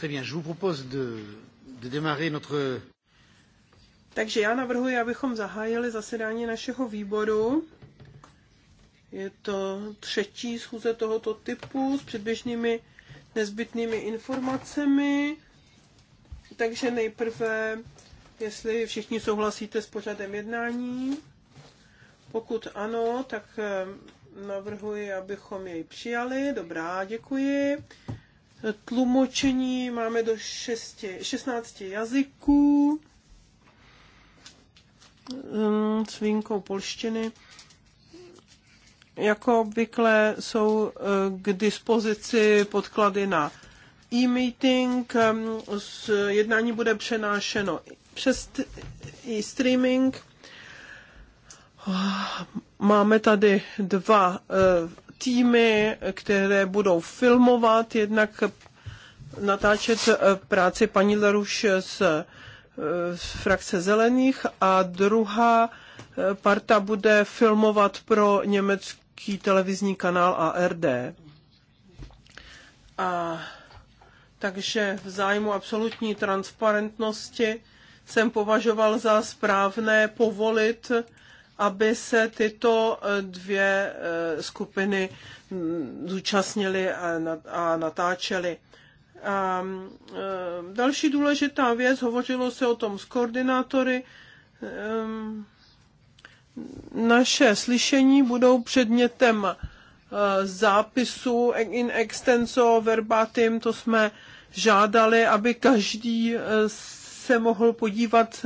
Très bien, je vous propose de, de démarrer notre... Takže já navrhuji, abychom zahájili zasedání našeho výboru. Je to třetí schůze tohoto typu s předběžnými nezbytnými informacemi. Takže nejprve, jestli všichni souhlasíte s pořadem jednání. Pokud ano, tak eh, navrhuji, abychom jej přijali. Dobrá, děkuji. Tlumočení máme do 6, 16 jazyků ehm, s výjimkou polštiny. Jako obvykle jsou eh, k dispozici podklady na e-meeting. Ehm, jednání bude přenášeno přes e-streaming. Máme tady dva eh, týmy, které budou filmovat, jednak natáčet eh, práci paní Laruš z, eh, z frakce Zelených a druhá eh, parta bude filmovat pro německý televizní kanál ARD. A takže v zájmu absolutní transparentnosti jsem považoval za správné povolit aby se tyto eh, dvě eh, skupiny mm, zúčastnily a natáčely. A ehm, ehm, další důležitá věc, hovořilo se o tom s koordinátory, ehm, naše slyšení budou předmětem eh, zápisu in extenso verbatim, to jsme žádali, aby každý se mohl podívat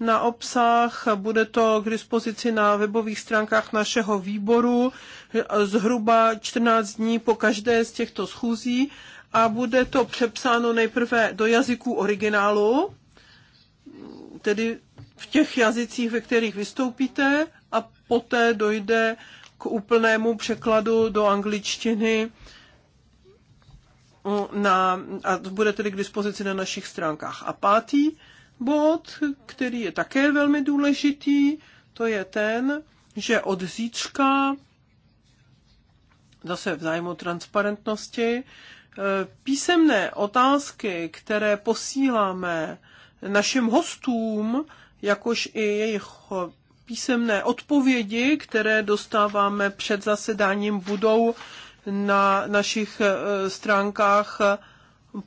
na obsah, bude to k dispozici na webových stránkách našeho výboru zhruba 14 dní po každé z těchto schůzí a bude to přepsáno nejprve do jazyků originálu, tedy v těch jazycích, ve kterých vystoupíte a poté dojde k úplnému překladu do angličtiny na, a bude tedy k dispozici na našich stránkách. A pátý bod, který je také velmi důležitý, to je ten, že od zítřka, zase v zájmu transparentnosti, eh, písemné otázky, které posíláme našim hostům, jakož i jejich písemné odpovědi, které dostáváme před zasedáním, budou na našich eh, stránkách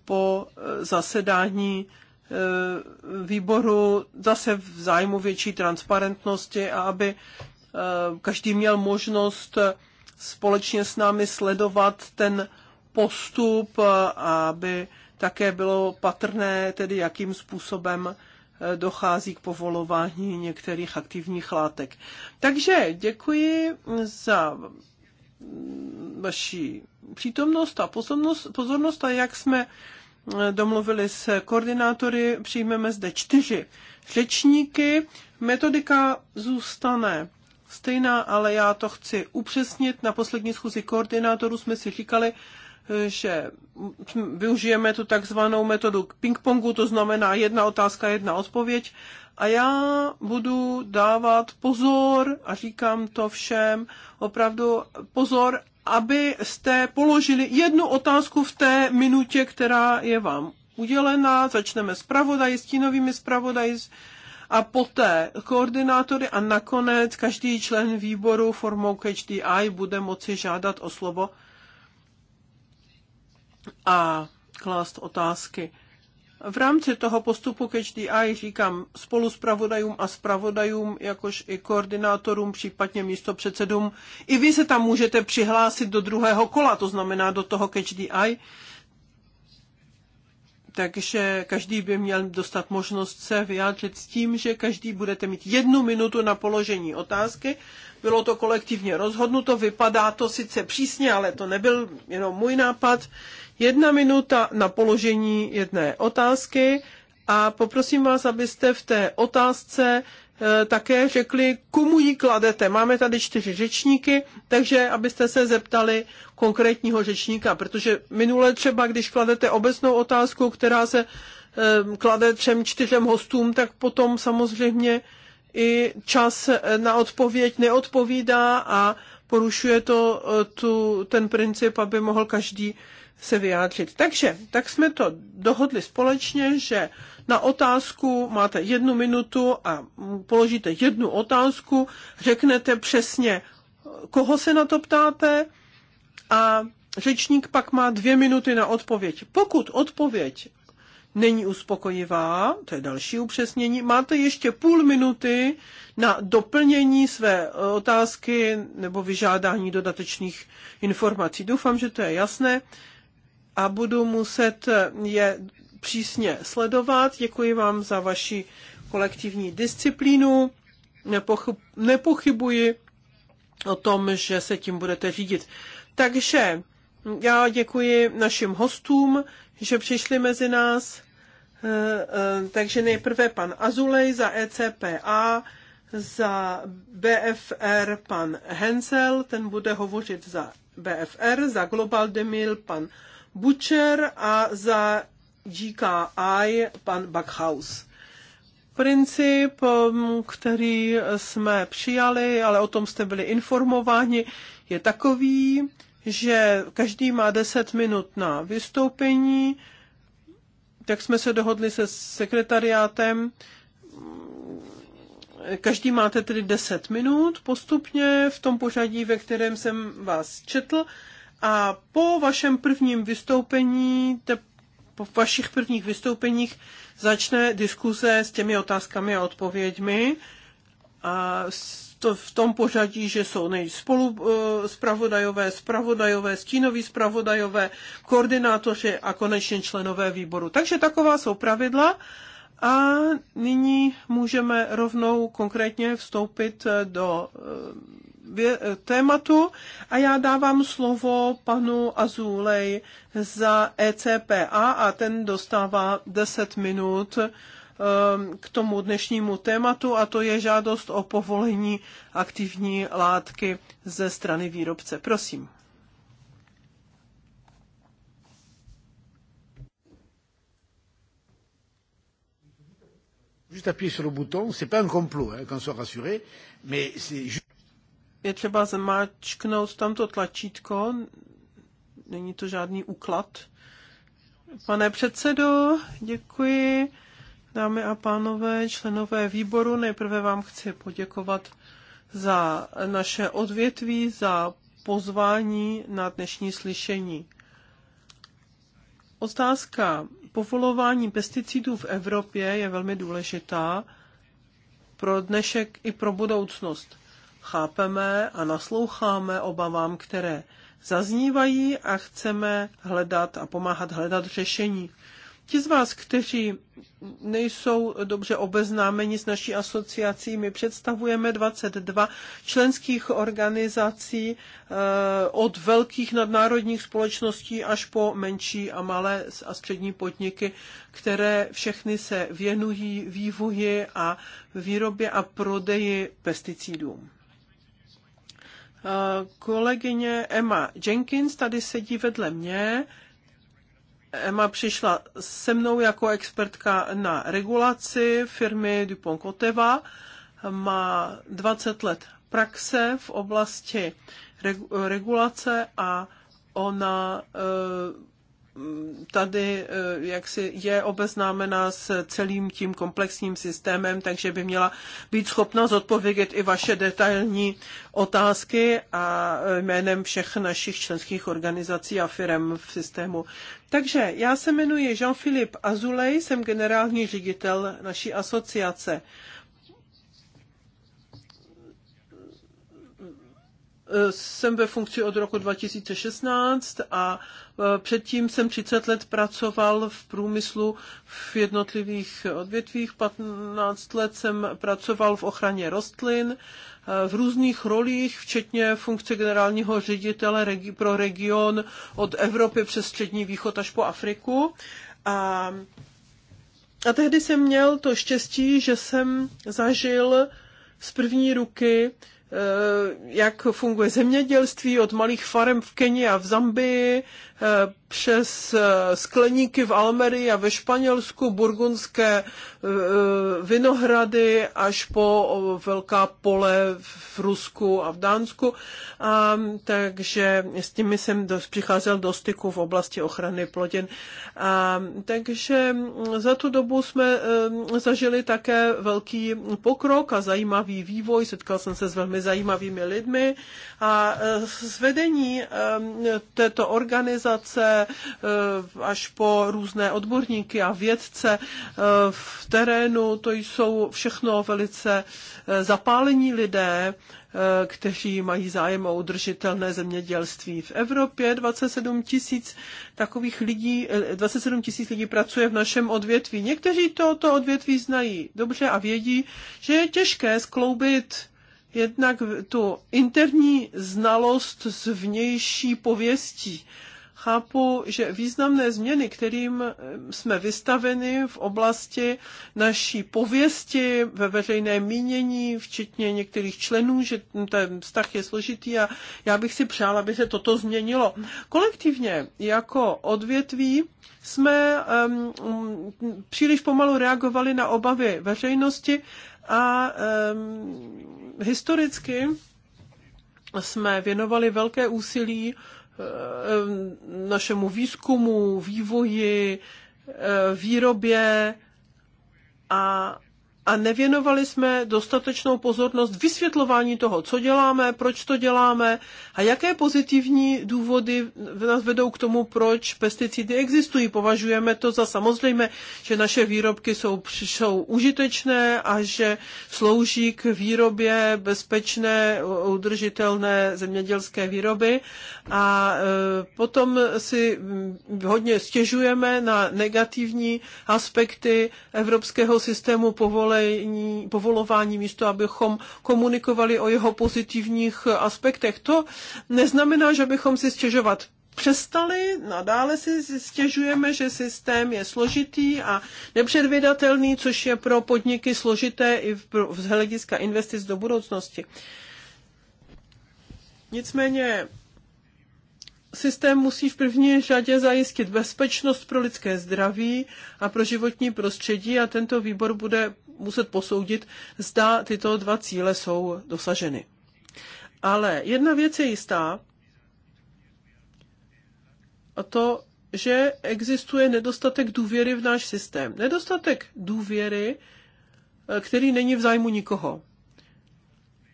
po eh, zasedání Eh, výboru zase v zájmu větší transparentnosti a aby eh, každý měl možnost eh, společně s námi sledovat ten postup, a aby také bylo patrné, tedy jakým způsobem dochází k povolování některých aktivních látek. Takže děkuji za vaši přítomnost a pozornost, pozornost a jak jsme domluvili s koordinátory, přijmeme zde čtyři řečníky. Metodika zůstane stejná, ale já to chci upřesnit. Na poslední schůzi koordinátorů jsme si říkali, že využijeme tu takzvanou metodu ping-pongu, to znamená jedna otázka, jedna odpověď. A já budu dávat pozor, a říkám to všem, opravdu pozor, abyste položili jednu otázku v té minutě, která je vám udělená. Začneme s pravodají, s tínovými zpravodaji a poté koordinátory a nakonec každý člen výboru formou KDI bude moci žádat o slovo a klást otázky. V rámci toho postupu ke HDI říkám spolu zpravodajům a zpravodajům, jakož i koordinátorům, případně místopředsedům, i vy se tam můžete přihlásit do druhého kola, to znamená do toho ke HDI, takže každý by měl dostat možnost se vyjádřit s tím, že každý budete mít jednu minutu na položení otázky. Bylo to kolektivně rozhodnuto, vypadá to sice přísně, ale to nebyl jenom můj nápad. Jedna minuta na položení jedné otázky a poprosím vás, abyste v té otázce eh, také řekli, komu ji kladete. Máme tady čtyři řečníky, takže abyste se zeptali konkrétního řečníka, protože minule třeba, když kladete obecnou otázku, která se eh, klade třem čtyřem hostům, tak potom samozřejmě i čas na odpověď neodpovídá a porušuje to eh, tu, ten princip, aby mohl každý se vyjádřit. Takže, tak jsme to dohodli společně, že na otázku máte jednu minutu a položíte jednu otázku, řeknete přesně, koho se na to ptáte a řečník pak má dvě minuty na odpověď. Pokud odpověď není uspokojivá, to je další upřesnění, máte ještě půl minuty na doplnění své e, otázky nebo vyžádání dodatečných informací. Doufám, že to je jasné a budu muset je přísně sledovat. Děkuji vám za vaši kolektivní disciplínu. Nepochyb, nepochybuji o tom, že se tím budete řídit. Takže já děkuji našim hostům, že přišli mezi nás. Eh, eh, takže nejprve pan Azulej za ECPA, za BFR pan Hensel, ten bude hovořit za BFR, za Global Demil pan Butcher a za GKI pan Backhaus. Princip, um, který jsme přijali, ale o tom jste byli informováni, je takový, že každý má 10 minut na vystoupení, tak jsme se dohodli se sekretariátem, každý máte tedy 10 minut postupně v tom pořadí, ve kterém jsem vás četl a po vašem prvním vystoupení, te, po vašich prvních vystoupeních začne diskuze s těmi otázkami a odpověďmi. A to v tom pořadí, že jsou nejspolu eh, spravodajové, spravodajové, stínoví spravodajové, koordinátoři a konečně členové výboru. Takže taková jsou pravidla a nyní můžeme rovnou konkrétně vstoupit eh, do eh, tématu a já dávám slovo panu Azulej za ECPA a ten dostává 10 minut eh, k tomu dnešnímu tématu a to je žádost o povolení aktivní látky ze strany výrobce. Prosím. Juste appuyer sur le bouton, c'est pas un complot, hein, qu'on soit rassuré, mais c'est juste je třeba zmáčknout tamto tlačítko. Není to žádný úklad. Pane předsedo, děkuji. Dámy a pánové, členové výboru, nejprve vám chci poděkovat za naše odvětví, za pozvání na dnešní slyšení. Otázka povolování pesticidů v Evropě je velmi důležitá pro dnešek i pro budoucnost chápeme a nasloucháme obavám, které zaznívají a chceme hledat a pomáhat hledat řešení. Ti z vás, kteří nejsou dobře obeznámeni s naší asociací, my představujeme 22 členských organizací eh, od velkých nadnárodních společností až po menší a malé a střední podniky, které všechny se věnují vývoji a výrobě a prodeji pesticidům kolegyně Emma Jenkins tady sedí vedle mě. Emma přišla se mnou jako expertka na regulaci firmy Dupont Koteva. Má 20 let praxe v oblasti regulace a ona eh, tady eh, jak si je obeznámena s celým tím komplexním systémem, takže by měla být schopna zodpovědět i vaše detailní otázky a eh, jménem všech našich členských organizací a firm v systému. Takže já se jmenuji Jean-Philippe Azulej, jsem generální ředitel naší asociace. Eh, jsem ve funkci od roku 2016 a eh, předtím jsem 30 let pracoval v průmyslu v jednotlivých odvětvích, 15 let jsem pracoval v ochraně rostlin eh, v různých rolích, včetně funkce generálního ředitele pro region od Evropy přes Střední východ až po Afriku. A, a tehdy jsem měl to štěstí, že jsem zažil z první ruky Eh, jak funguje zemědělství od malých farem v Keni a v Zambii eh, přes eh, skleníky v Almerii a ve Španělsku, burgundské eh, eh, vinohrady až po velká pole v Rusku a v Dánsku. A, mm, takže s tím jsem do, přicházel do styku v oblasti ochrany plodin. A, mm, takže mm, za tu dobu jsme zažili také velký pokrok a zajímavý vývoj. Setkal jsem se s velmi zajímavými lidmi a zvedení této organizace Eh, až po různé odborníky a vědce eh, v terénu. To jsou všechno velice eh, zapálení lidé, kteří mají zájem o udržitelné zemědělství. V Evropě 27 tisíc takových lidí, 27 tisíc lidí pracuje v našem odvětví. Někteří toto odvětví znají dobře a vědí, že je těžké skloubit jednak tu interní znalost s vnější pověstí chápu, že významné změny, kterým eh, jsme vystaveni v oblasti naší pověsti ve veřejné mínění, včetně některých členů, že ten vztah je složitý a já bych si přála, aby se toto změnilo. Kolektivně jako odvětví jsme um, příliš pomalu reagovali na obavy veřejnosti a um, historicky jsme věnovali velké úsilí uh, Eh, našemu výzkumu, vývoji, eh, výrobě a a nevěnovali jsme dostatečnou pozornost vysvětlování toho, co děláme, proč to děláme a jaké pozitivní důvody nás vedou k tomu, proč pesticidy existují. Považujeme to za samozřejmé, že naše výrobky jsou, jsou užitečné a že slouží k výrobě bezpečné, udržitelné zemědělské výroby a e, potom si mm, hodně stěžujeme na negativní aspekty evropského systému povolení povolení, povolování místo, abychom komunikovali o jeho pozitivních aspektech. To neznamená, že bychom si stěžovat přestali, nadále si stěžujeme, že systém je složitý a nepředvydatelný, což je pro podniky složité i z hlediska investic do budoucnosti. Nicméně systém musí v první řadě zajistit bezpečnost pro lidské zdraví a pro životní prostředí a tento výbor bude muset posoudit, zda tyto dva cíle jsou dosaženy. Ale jedna věc je jistá, a to, že existuje nedostatek důvěry v náš systém. Nedostatek důvěry, eh, který není v zájmu nikoho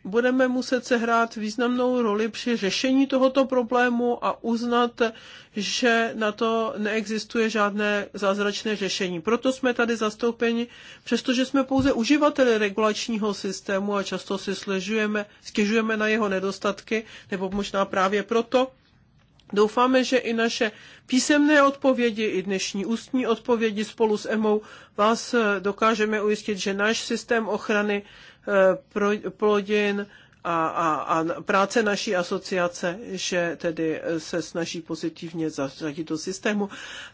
budeme muset sehrát významnou roli při řešení tohoto problému a uznat, že na to neexistuje žádné zázračné řešení. Proto jsme tady zastoupeni, přestože jsme pouze uživateli regulačního systému a často si sležujeme, stěžujeme na jeho nedostatky, nebo možná právě proto, Doufáme, že i naše písemné odpovědi, i dnešní ústní odpovědi spolu s EMO vás dokážeme ujistit, že náš systém ochrany plodin a, a, a práce naší asociace, že tedy se snaží pozitivně zařadit do systému.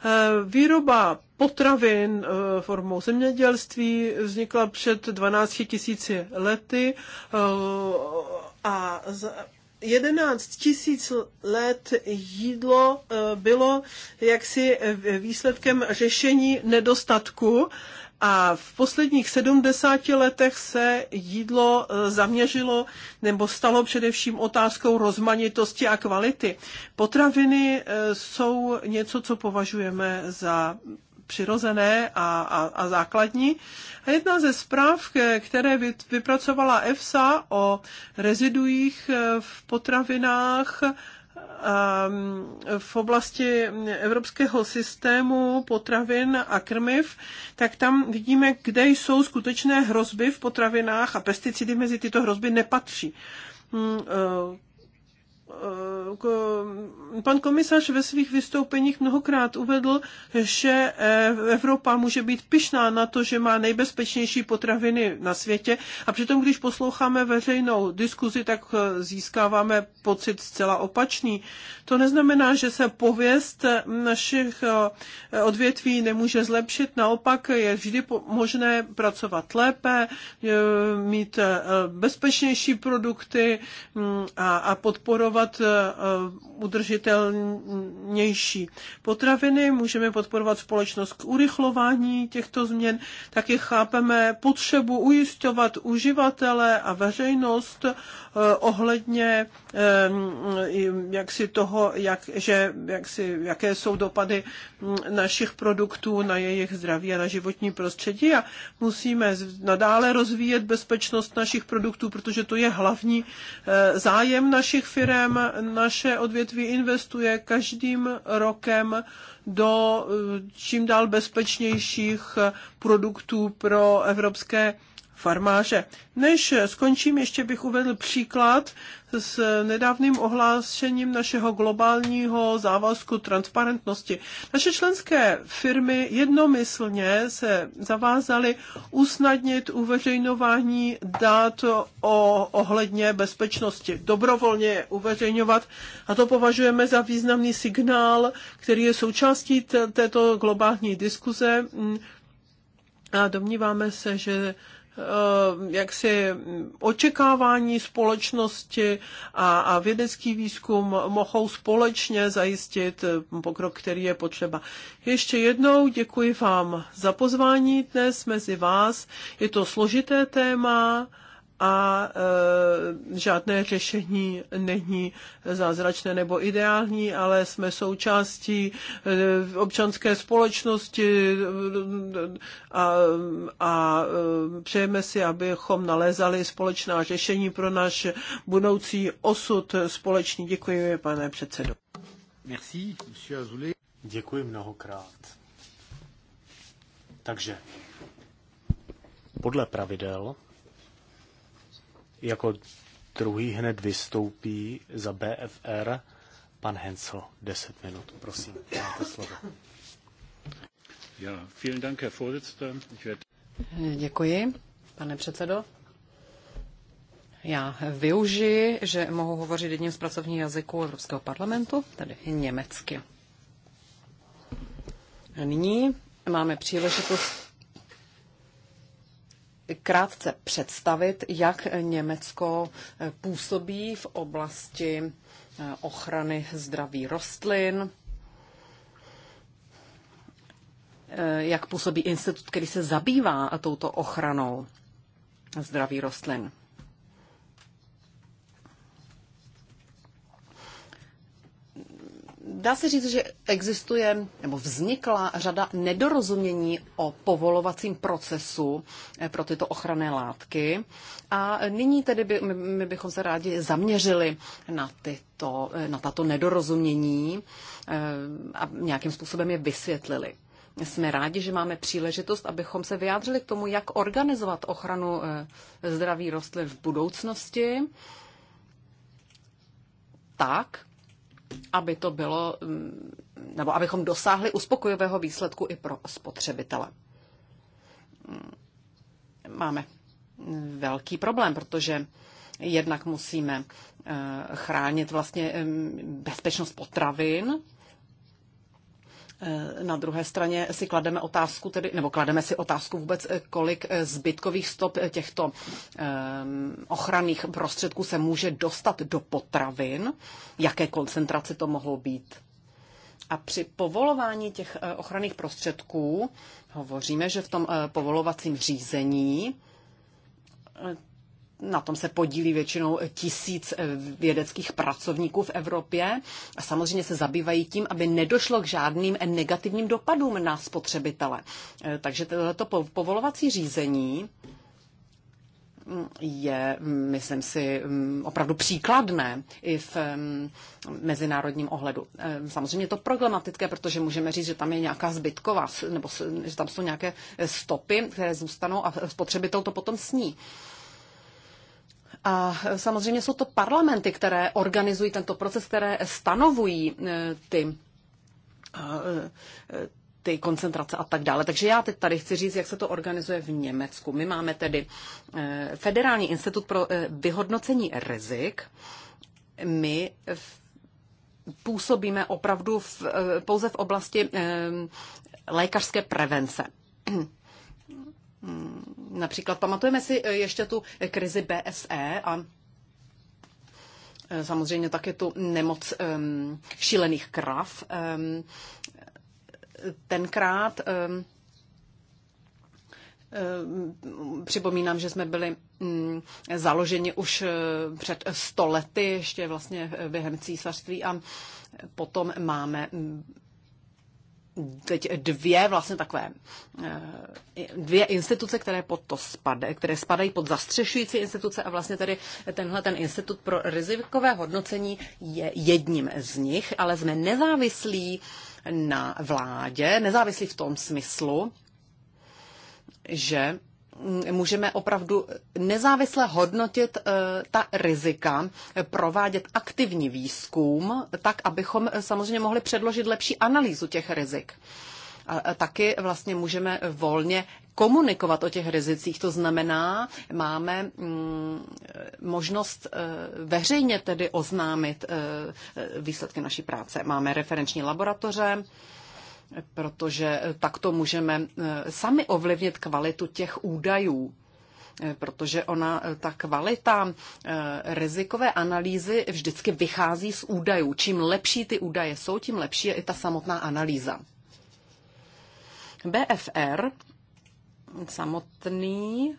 Eh, výroba potravin eh, formou zemědělství vznikla před 12 tisíci lety eh, a 11 tisíc let jídlo bylo jaksi výsledkem řešení nedostatku a v posledních 70 letech se jídlo e, zaměřilo nebo stalo především otázkou rozmanitosti a kvality. Potraviny e, jsou něco, co považujeme za přirozené a, a, a základní. A jedna ze zpráv, které vypracovala EFSA o reziduích e, v potravinách, Ehm, v oblasti evropského systému potravin a krmiv, tak tam vidíme, kde jsou skutečné hrozby v potravinách a pesticidy mezi tyto hrozby nepatří hmm, eh, Eh, pan komisař ve svých vystoupeních mnohokrát uvedl, že eh, Evropa může být pyšná na to, že má nejbezpečnější potraviny na světě a přitom, když posloucháme veřejnou diskuzi, tak eh, získáváme pocit zcela opačný. To neznamená, že se pověst hm, našich odvětví nemůže zlepšit, naopak je vždy možné pracovat lépe, mít bezpečnější produkty hm, a podporovat podporovat eh, eh, udržitelnější potraviny, můžeme podporovat společnost k urychlování těchto změn, taky chápeme potřebu ujišťovat uživatele a veřejnost eh, ohledně jak si toho, jak, že, jak si, jaké jsou dopady hm, našich produktů na jejich zdraví a na životní prostředí a musíme nadále rozvíjet bezpečnost našich produktů, protože to je hlavní zájem našich firm ovšem naše odvětví investuje každým rokem do eh, čím dál bezpečnějších eh, produktů pro evropské farmáře. Než skončím, ještě bych uvedl příklad s nedávným ohlášením našeho globálního závazku transparentnosti. Naše členské firmy jednomyslně se zavázaly usnadnit uveřejňování dát o ohledně bezpečnosti, dobrovolně je uveřejňovat a to považujeme za významný signál, který je součástí této globální diskuze. A domníváme se, že Eh, jaksi očekávání společnosti a, a vědecký výzkum mohou společně zajistit eh, pokrok, který je potřeba. Ještě jednou děkuji vám za pozvání dnes mezi vás. Je to složité téma a e, žádné řešení není zázračné nebo ideální, ale jsme součástí e, občanské společnosti e, a, a přejeme si, abychom nalézali společná řešení pro náš budoucí osud společný. Děkuji, pane předsedo. Merci, monsieur Azoulay. Děkuji mnohokrát. Takže podle pravidel jako druhý hned vystoupí za BFR pan Hensel. 10 minut, prosím. Máte slovo. Ja, vielen Dank, Herr Vorsitzender. Ich werde... Děkuji, pane předsedo. Já využiji, že mohu hovořit jedním z pracovních jazyků Evropského parlamentu, tedy německy. Nyní máme příležitost krátce představit, jak Německo působí v oblasti eh, ochrany zdraví rostlin, eh, jak působí institut, který se zabývá touto ochranou zdraví rostlin. Dá se říct, že existuje nebo vznikla řada nedorozumění o povolovacím procesu eh, pro tyto ochranné látky. A nyní tedy by, my bychom se rádi zaměřili na, tyto, eh, na tato nedorozumění eh, a nějakým způsobem je vysvětlili. Jsme rádi, že máme příležitost, abychom se vyjádřili k tomu, jak organizovat ochranu zdraví rostlin v budoucnosti tak, aby to bylo, mm, nebo abychom dosáhli uspokojivého výsledku i pro spotřebitele. Mm, máme velký problém, protože jednak musíme eh, chránit vlastně bezpečnost potravin, Eh, na druhé straně si klademe otázku, tedy, nebo klademe si otázku vůbec, eh, kolik eh, zbytkových stop těchto ochranných prostředků se může dostat do potravin, jaké koncentrace to mohou být. A při povolování těch ochranných prostředků hovoříme, že v tom povolovacím řízení na tom se podílí většinou tisíc eh, vědeckých pracovníků v Evropě a samozřejmě se zabývají tím, aby nedošlo k žádným negativním dopadům na spotřebitele. Eh, takže to povolovací řízení mm, je, mm, myslím si, mm, opravdu příkladné i v mezinárodním ohledu. Eh, samozřejmě je to problematické, protože můžeme říct, že tam je nějaká zbytková, nebo že tam jsou nějaké stopy, které zůstanou a spotřebitel to potom sní. A samozřejmě jsou to parlamenty, které organizují tento proces, které stanovují e, ty e, e, ty koncentrace a tak dále. Takže já teď tady chci říct, jak se to organizuje v Německu. My máme tedy Federální institut pro vyhodnocení rizik. My působíme opravdu v, pouze v oblasti lékařské prevence. Hmm, například pamatujeme si eh, ještě tu eh, krizi BSE a eh, samozřejmě taky tu nemoc um, šílených krav. Um, tenkrát um, Připomínám, že jsme byli hm, založeni už před stolety, ještě vlastně během císařství a potom máme hm, teď dvě vlastně takové eh, dvě instituce, které pod to spadají, které spadají pod zastřešující instituce a vlastně tady tenhle ten institut pro rizikové hodnocení je jedním z nich, ale jsme nezávislí na vládě, nezávislí v tom smyslu, že Mm, můžeme opravdu nezávisle hodnotit eh, ta rizika, provádět aktivní výzkum, tak abychom eh, samozřejmě mohli předložit lepší analýzu těch rizik. A taky vlastně můžeme volně komunikovat o těch rizicích. To znamená, máme mm, možnost eh, veřejně tedy oznámit výsledky naší práce. Máme referenční laboratoře, protože takto můžeme eh, sami ovlivnit kvalitu těch údajů eh, protože ona, eh, ta kvalita rizikové analýzy vždycky vychází z údajů. Čím lepší ty údaje jsou, tím lepší je i ta samotná analýza. BFR samotný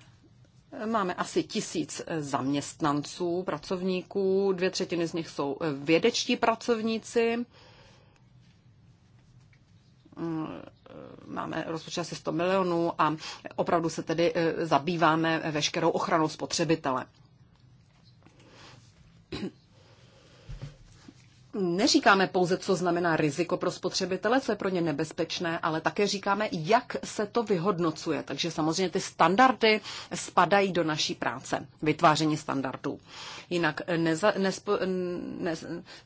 Máme asi tisíc zaměstnanců, pracovníků, dvě třetiny z nich jsou vědečtí pracovníci Mm, máme rozpočet asi 100 milionů a opravdu se tedy eh, zabýváme veškerou ochranou spotřebitele neříkáme pouze, co znamená riziko pro spotřebitele, co je pro ně nebezpečné, ale také říkáme, jak se to vyhodnocuje. Takže samozřejmě ty standardy spadají do naší práce, vytváření standardů. Jinak neza, nespo, ne,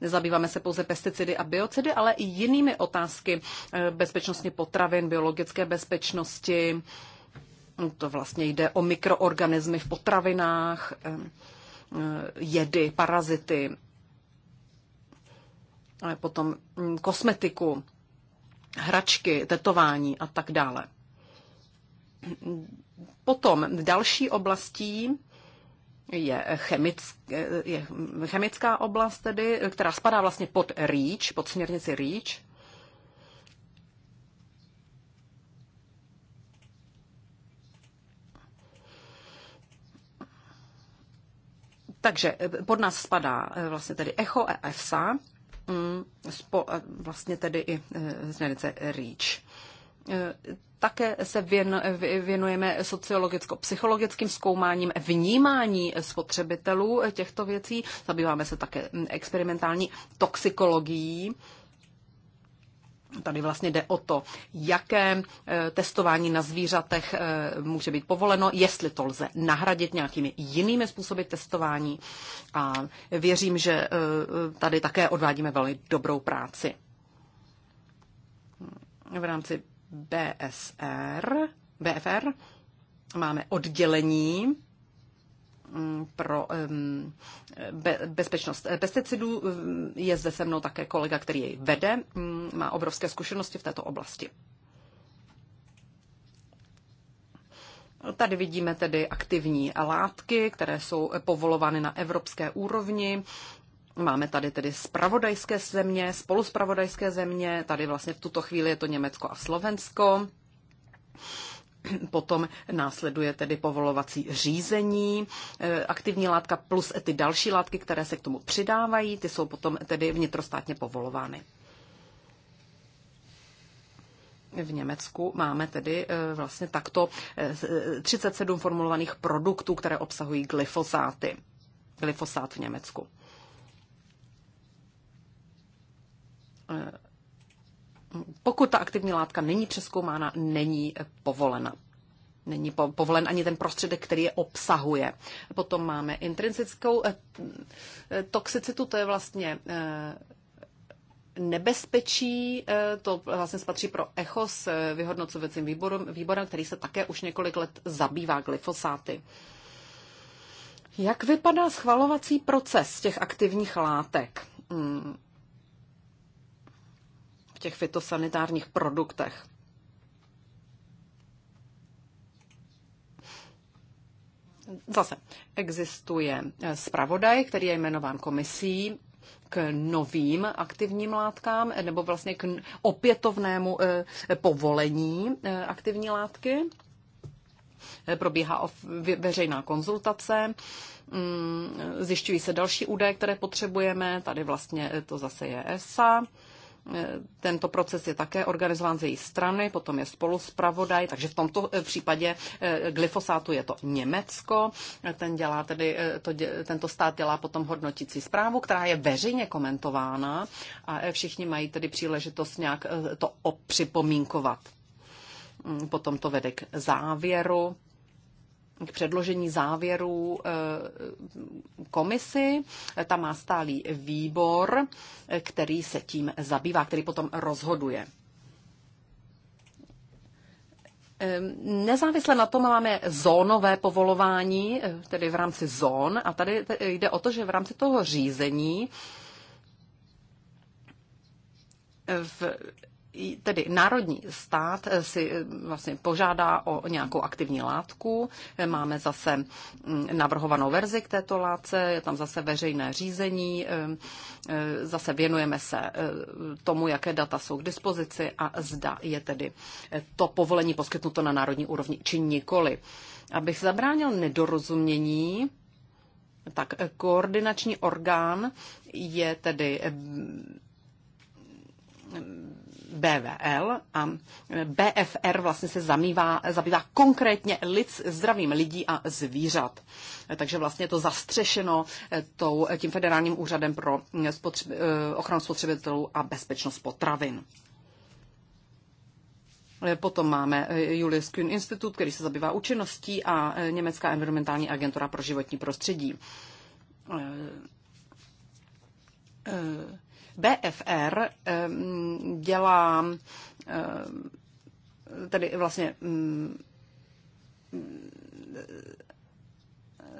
nezabýváme se pouze pesticidy a biocidy, ale i jinými otázky eh, bezpečnosti potravin, biologické bezpečnosti. To vlastně jde o mikroorganismy v potravinách eh, eh, jedy, parazity, potom mm, kosmetiku, hračky, tetování a tak dále. Potom další oblastí je, chemick, je chemická oblast, tedy, která spadá vlastně pod REACH, pod směrnici REACH. Takže pod nás spadá eh, vlastně tedy ECHO a EFSA, Mm, eh, vlastně tedy i eh, směrnice REACH. Eh, také se věnujeme sociologicko-psychologickým zkoumáním vnímání spotřebitelů těchto věcí. Zabýváme se také mm, experimentální toxikologií Tady vlastně jde o to, jaké e, testování na zvířatech e, může být povoleno, jestli to lze nahradit nějakými jinými způsoby testování. A věřím, že e, tady také odvádíme velmi dobrou práci. V rámci BSR, BFR máme oddělení Mm, pro bezpečnost pesticidů. Je zde se mnou také kolega, který jej vede, mm, má obrovské zkušenosti v této oblasti. Tady vidíme tedy aktivní látky, které jsou povolovány na evropské úrovni. Máme tady tedy spravodajské země, spoluspravodajské země, tady vlastně v tuto chvíli je to Německo a Slovensko. Potom následuje tedy povolovací řízení, eh, aktivní látka plus ty další látky, které se k tomu přidávají, ty jsou potom tedy vnitrostátně povolovány. V Německu máme tedy eh, vlastně takto 37 eh, formulovaných produktů, které obsahují glyfosáty. Glyfosát v Německu pokud ta aktivní látka není přeskoumána, není povolena. Není po, povolen ani ten prostředek, který je obsahuje. Potom máme intrinsickou eh, eh, toxicitu, to je vlastně eh, nebezpečí, to vlastně spatří pro ECHO s vyhodnocovacím výborem, výborem, který se také už několik let zabývá glyfosáty. Jak vypadá schvalovací proces těch aktivních látek? Hmm v těch fitosanitárních produktech. Zase existuje eh, zpravodaj, který je jmenován komisí k novým aktivním látkám eh, nebo vlastně k opětovnému eh, povolení aktivní látky. Probíhá veřejná konzultace, mm, zjišťují se další údaje, které potřebujeme, tady vlastně to zase je ESA. Eh, tento proces je také organizován z její strany, potom je spoluspravodaj, takže v tomto eh, případě eh, glyfosátu je to Německo. Ten dělá tedy, to, tento stát dělá potom hodnotící zprávu, která je veřejně komentována a všichni mají tedy příležitost nějak to opřipomínkovat. Mm, potom to vede k závěru k předložení závěrů eh, komisi. Tam má stálý výbor, eh, který se tím zabývá, který potom rozhoduje. Ehm, nezávisle na tom máme zónové povolování, eh, tedy v rámci zón, a tady jde o to, že v rámci toho řízení v tedy národní stát eh, si eh, vlastně požádá o nějakou aktivní látku. Eh, máme zase mm, navrhovanou verzi k této látce, je tam zase veřejné řízení, zase věnujeme se tomu, jaké data jsou k dispozici a zda je tedy to povolení poskytnuto na národní úrovni či nikoli. Abych zabránil nedorozumění, tak koordinační orgán je tedy BVL a BFR vlastně se zamývá, zabývá konkrétně lid, zdravím lidí a zvířat. Takže vlastně je to zastřešeno eh, tou, eh, tím federálním úřadem pro mm, spotřeb, eh, ochranu spotřebitelů a bezpečnost potravin. Potom máme Julius Kuhn Institut, který se zabývá účinností a Německá environmentální agentura pro životní prostředí. BFR dělá tedy vlastně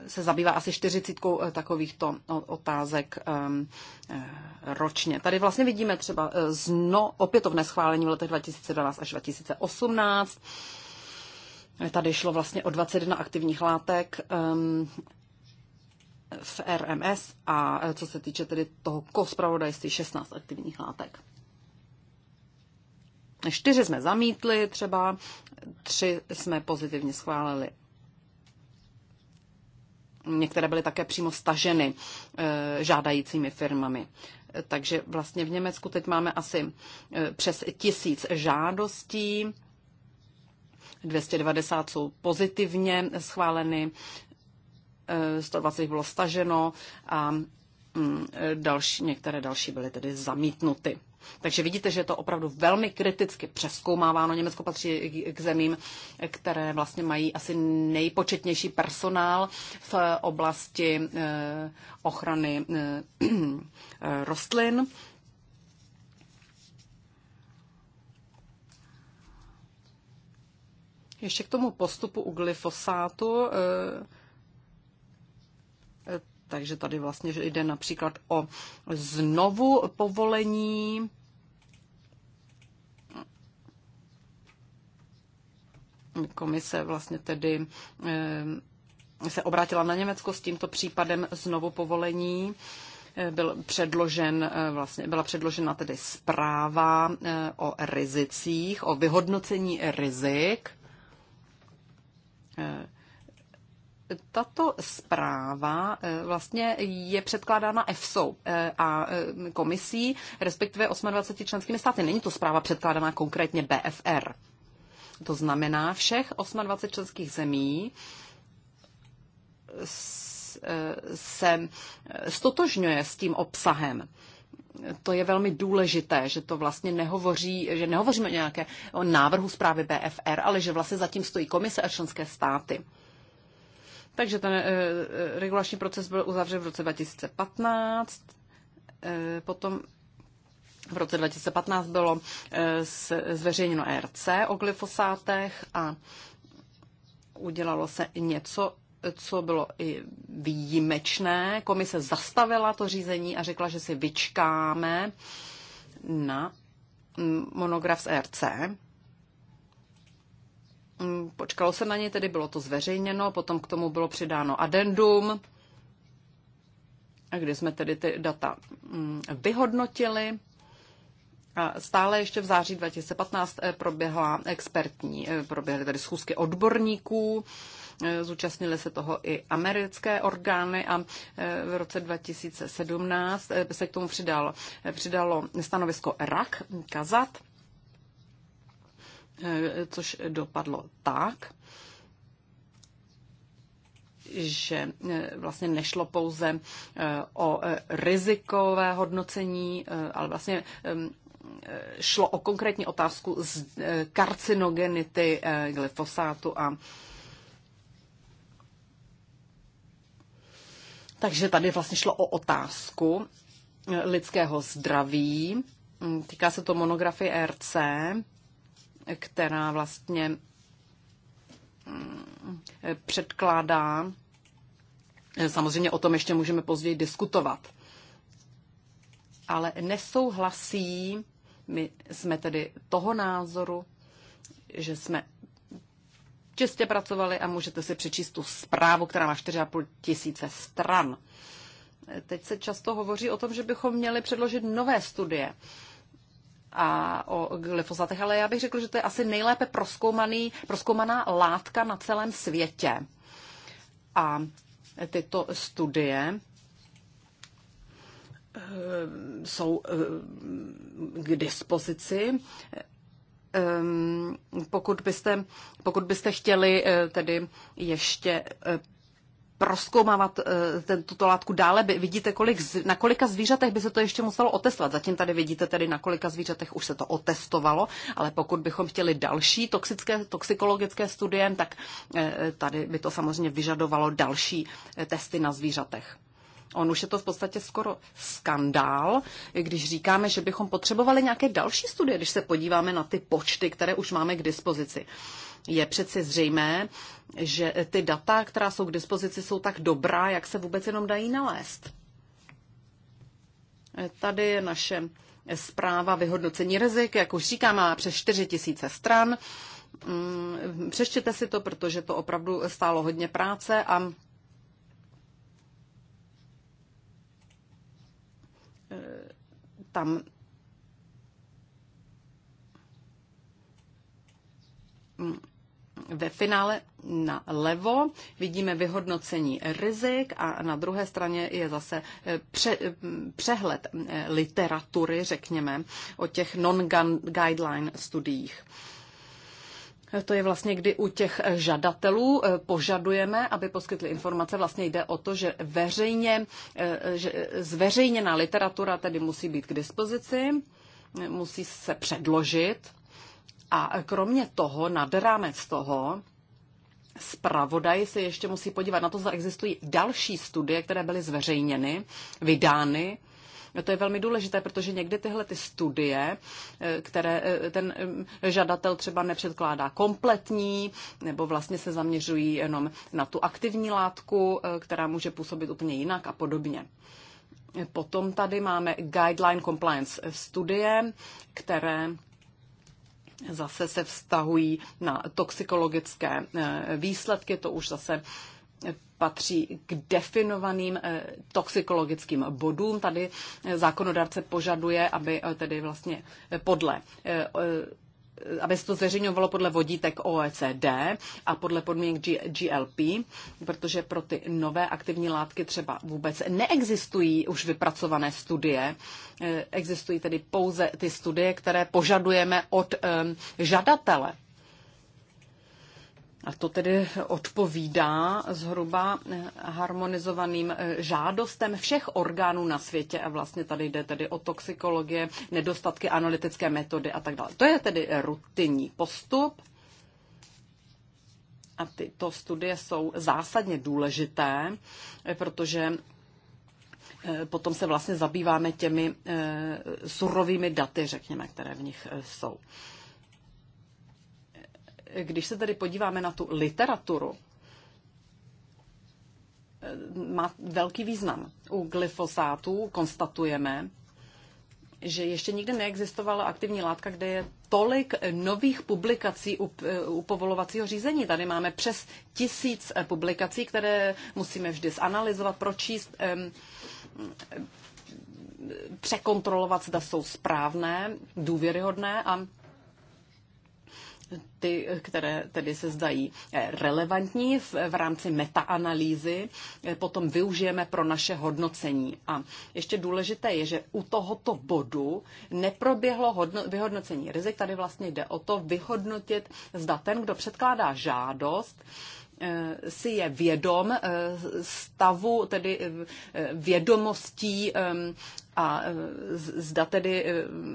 se zabývá asi 40 eh, takovýchto otázek eh, ročně. Tady vlastně vidíme třeba eh, zno, opětovné schválení v letech 2012 až 2018. Tady šlo vlastně o 21 aktivních látek v RMS a eh, co se týče tedy toho kospravodajství 16 aktivních látek. Čtyři jsme zamítli třeba, tři jsme pozitivně schválili. Některé byly také přímo staženy eh, žádajícími firmami. Takže vlastně v Německu teď máme asi eh, přes tisíc žádostí. 290 jsou pozitivně schváleny, 120 bylo staženo a mm, další, některé další byly tedy zamítnuty. Takže vidíte, že je to opravdu velmi kriticky přeskoumáváno. Německo patří k zemím, které vlastně mají asi nejpočetnější personál v oblasti eh, ochrany eh, rostlin. Ještě k tomu postupu u glyfosátu eh, takže tady vlastně jde například o znovu povolení komise vlastně tedy eh, se obrátila na Německo s tímto případem znovu povolení. Eh, byl předložen, eh, vlastně byla předložena tedy zpráva o rizicích, o vyhodnocení rizik tato zpráva eh, vlastně je předkládána EFSO eh, a eh, komisí, respektive 28 členskými státy. Není to zpráva předkládaná konkrétně BFR. To znamená, všech 28 členských zemí se stotožňuje s tím obsahem to je velmi důležité, že to vlastně nehovoří, že nehovoříme o nějaké o návrhu zprávy BFR, ale že vlastně zatím stojí komise a členské státy. Takže ten eh, eh, regulační proces byl uzavřen v roce 2015. Eh, potom v roce 2015 bylo zveřejněno ERC o glyfosátech a udělalo se něco, co bylo i výjimečné. Komise zastavila to řízení a řekla, že si vyčkáme na monograf z ERC. Mm, počkalo se na něj, tedy bylo to zveřejněno, potom k tomu bylo přidáno addendum, kde jsme tedy ty data mm, vyhodnotili. A stále ještě v září 2015 eh, proběhla expertní, eh, proběhly tady schůzky odborníků, eh, zúčastnili se toho i americké orgány a v roce 2017 se k tomu přidalo, přidalo stanovisko RAK, Kazat, Eh, což dopadlo tak, že eh, vlastně nešlo pouze eh, o rizikové hodnocení, ale vlastně ehm, šlo o konkrétní otázku z karcinogenity glyfosátu a Takže tady vlastně šlo o otázku lidského zdraví. Hm, týká se to monografie RC která vlastně mm, předkládá. Samozřejmě o tom ještě můžeme později diskutovat. Ale nesouhlasí, my jsme tedy toho názoru, že jsme čistě pracovali a můžete si přečíst tu zprávu, která má 4,5 tisíce stran. Teď se často hovoří o tom, že bychom měli předložit nové studie a o glyfosátech, ale já bych řekl, že to je asi nejlépe proskoumaný, proskoumaná látka na celém světě. A tyto studie eh, jsou eh, k dispozici. Ehm, pokud byste, pokud byste chtěli eh, tedy ještě proskoumávat e, tuto látku dále, by, vidíte, kolik, na kolika zvířatech by se to ještě muselo otestovat. Zatím tady vidíte tedy, na kolika zvířatech už se to otestovalo, ale pokud bychom chtěli další toxické, toxikologické studie, tak eh, tady by to samozřejmě vyžadovalo další eh, testy na zvířatech. On už je to v podstatě skoro skandál, když říkáme, že bychom potřebovali nějaké další studie, když se podíváme na ty počty, které už máme k dispozici je přeci zřejmé, že ty data, která jsou k dispozici, jsou tak dobrá, jak se vůbec jenom dají nalézt. Tady je naše zpráva vyhodnocení rizik, jak už říkám, má přes 4 tisíce stran. Mm, přečtěte si to, protože to opravdu stálo hodně práce a tam mm ve finále na levo vidíme vyhodnocení rizik a na druhé straně je zase eh, pře, eh, přehled eh, literatury, řekněme, o těch non-guideline studiích. To je vlastně, kdy u těch žadatelů požadujeme, aby poskytli informace. Vlastně jde o to, že, veřejně, že zveřejněná literatura tedy musí být k dispozici, musí se předložit a kromě toho, nad rámec toho, zpravodaj se ještě musí podívat na to, zda existují další studie, které byly zveřejněny, vydány. To je velmi důležité, protože někdy tyhle ty studie, eh, které eh, ten eh, žadatel třeba nepředkládá kompletní, nebo vlastně se zaměřují jenom na tu aktivní látku, která může působit úplně jinak a podobně. Potom tady máme guideline compliance studie, které zase se vztahují na toxikologické eh, výsledky, to už zase eh, patří k definovaným eh, toxikologickým bodům. Tady zákonodárce požaduje, aby tedy vlastně podle aby se to zveřejňovalo podle vodítek OECD a podle podmínek GLP, protože pro ty nové aktivní látky třeba vůbec neexistují už vypracované studie. Eh, existují tedy pouze ty studie, které požadujeme od ehm, žadatele. A to tedy odpovídá zhruba eh, harmonizovaným eh, žádostem všech orgánů na světě a vlastně tady jde tedy o toxikologie, nedostatky analytické metody a tak dále. To je tedy rutinní postup a tyto studie jsou zásadně důležité, eh, protože potom se vlastně zabýváme těmi surovými daty, řekněme, které v nich jsou. Když se tedy podíváme na tu literaturu, má velký význam. U glyfosátů konstatujeme, že ještě nikdy neexistovala aktivní látka, kde je tolik nových publikací u, u povolovacího řízení. Tady máme přes tisíc eh, publikací, které musíme vždy zanalizovat, pročíst, překontrolovat, zda jsou správné, důvěryhodné a ty, které tedy se zdají eh, relevantní v, v rámci metaanalýzy, eh, potom využijeme pro naše hodnocení. A ještě důležité je, že u tohoto bodu neproběhlo hodno, vyhodnocení rizik. Tady vlastně jde o to vyhodnotit, zda ten, kdo předkládá žádost, Eh, si je vědom eh, stavu, tedy eh, vědomostí a zda tedy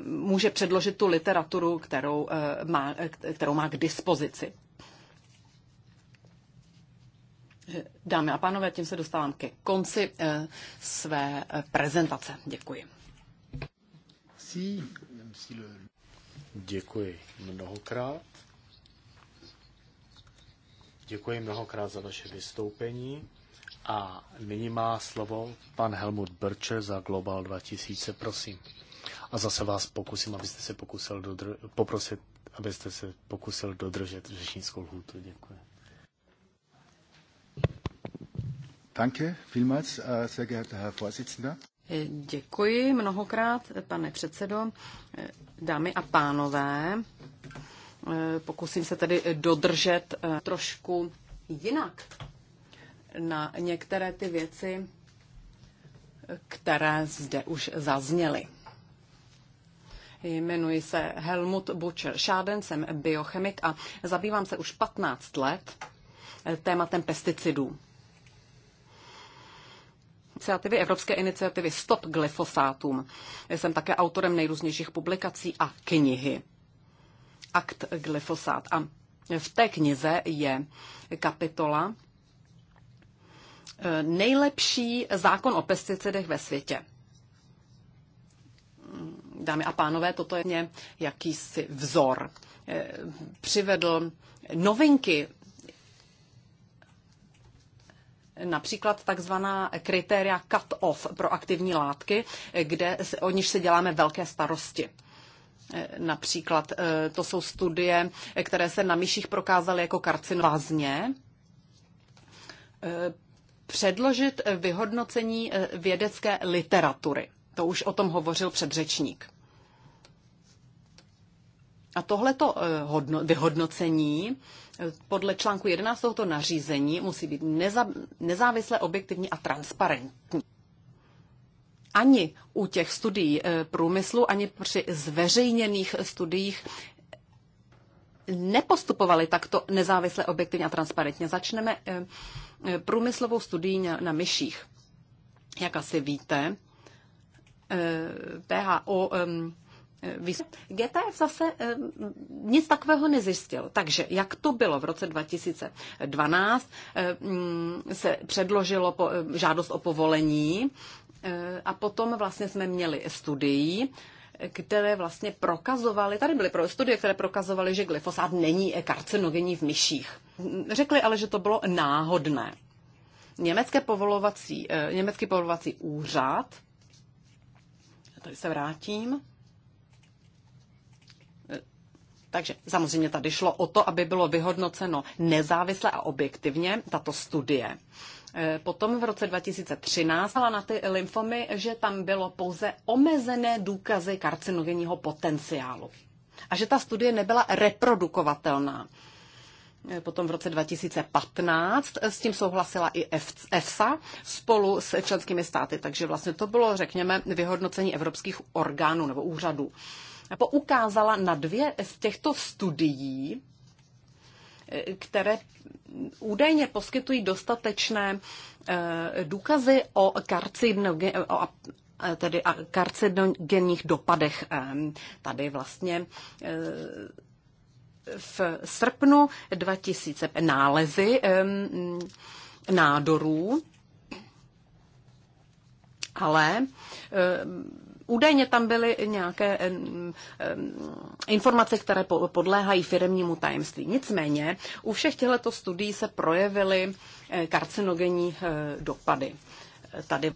může předložit tu literaturu, kterou má, kterou má k dispozici. Dámy a pánové, tím se dostávám ke konci své prezentace. Děkuji. Děkuji mnohokrát. Děkuji mnohokrát za vaše vystoupení. A nyní má slovo pan Helmut Brče za Global 2000, prosím. A zase vás pokusím, abyste se pokusil dodr- poprosit, abyste se pokusil dodržet řečnickou lhůtu. Děkuji. Danke, vielmals, äh, sehr geehrter Herr Vorsitzender. Äh, děkuji mnohokrát, pane předsedo. Äh, dámy a pánové, Eh, pokusím se tedy dodržet eh, trošku jinak na některé ty věci, které zde už zazněly. Jmenuji se Helmut Butcher. Schaden, jsem biochemik a zabývám se už 15 let eh, tématem pesticidů. Iniciativy, Evropské iniciativy Stop glyfosátům. Jsem také autorem nejrůznějších publikací a knihy akt glyfosát. A v té knize je kapitola e, Nejlepší zákon o pesticidech ve světě. Dámy a pánové, toto je jakýsi vzor. E, přivedl novinky například takzvaná kritéria cut-off pro aktivní látky, kde o níž se děláme velké starosti. Například eh, to jsou studie, které se na myších prokázaly jako karcinovázně. Eh, předložit vyhodnocení eh, vědecké literatury. To už o tom hovořil předřečník. A tohleto vyhodnocení podle článku 11 tohoto nařízení musí být nezávislé, objektivní a transparentní ani u těch studií eh, průmyslu, ani při zveřejněných studiích nepostupovali takto nezávisle, objektivně a transparentně. Začneme eh, eh, průmyslovou studií na myších. Jak asi víte, PHO GTF zase nic takového nezjistil. Takže jak to bylo v roce 2012, se předložilo žádost o povolení Eh, a potom vlastně jsme měli studii, které vlastně prokazovaly, tady byly studie, které prokazovaly, že glyfosát není karcinogenní v myších. Řekli ale, že to bylo náhodné. Německé povolovací, eh, německý povolovací úřad, tady se vrátím, eh, takže samozřejmě tady šlo o to, aby bylo vyhodnoceno nezávisle a objektivně tato studie. Eh, potom v roce 2013 ale na ty lymfomy, že tam bylo pouze omezené důkazy karcinogenního potenciálu a že ta studie nebyla reprodukovatelná. Eh, potom v roce 2015 s tím souhlasila i EFSA spolu s členskými státy, takže vlastně to bylo, řekněme, vyhodnocení evropských orgánů nebo úřadů. Poukázala na dvě z těchto studií, které údajně poskytují dostatečné eh, důkazy o, eh, tedy karcinogenních dopadech. Ehm, tady vlastně eh, v srpnu 2000 nálezy ehm, nádorů, ale ehm, údajně tam byly nějaké informace, které podléhají firmnímu tajemství. Nicméně u všech těchto studií se projevily eh, karcinogenní eh, dopady. Eh, tady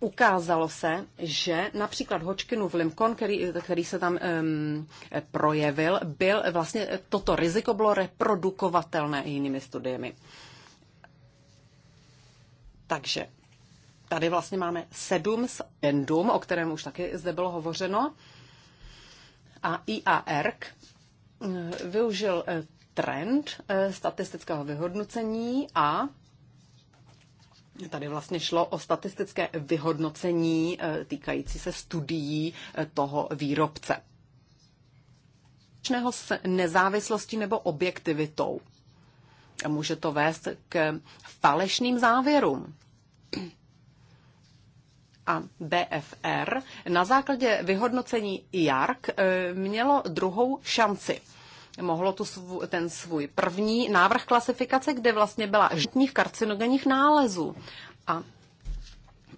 ukázalo se, že například Hočkinův limkon, který, který se tam um, projevil, byl vlastně toto riziko bylo reprodukovatelné jinými studiemi. Takže Tady vlastně máme sedm s endum, o kterém už taky zde bylo hovořeno. A IARC eh, využil eh, trend eh, statistického vyhodnocení a Tady vlastně šlo o statistické vyhodnocení týkající se studií toho výrobce. S nezávislostí nebo objektivitou. Může to vést k falešným závěrům a BFR na základě vyhodnocení IARC eh, mělo druhou šanci. Mohlo tu svů, ten svůj první návrh klasifikace, kde vlastně byla žitních karcinogenních nálezů. A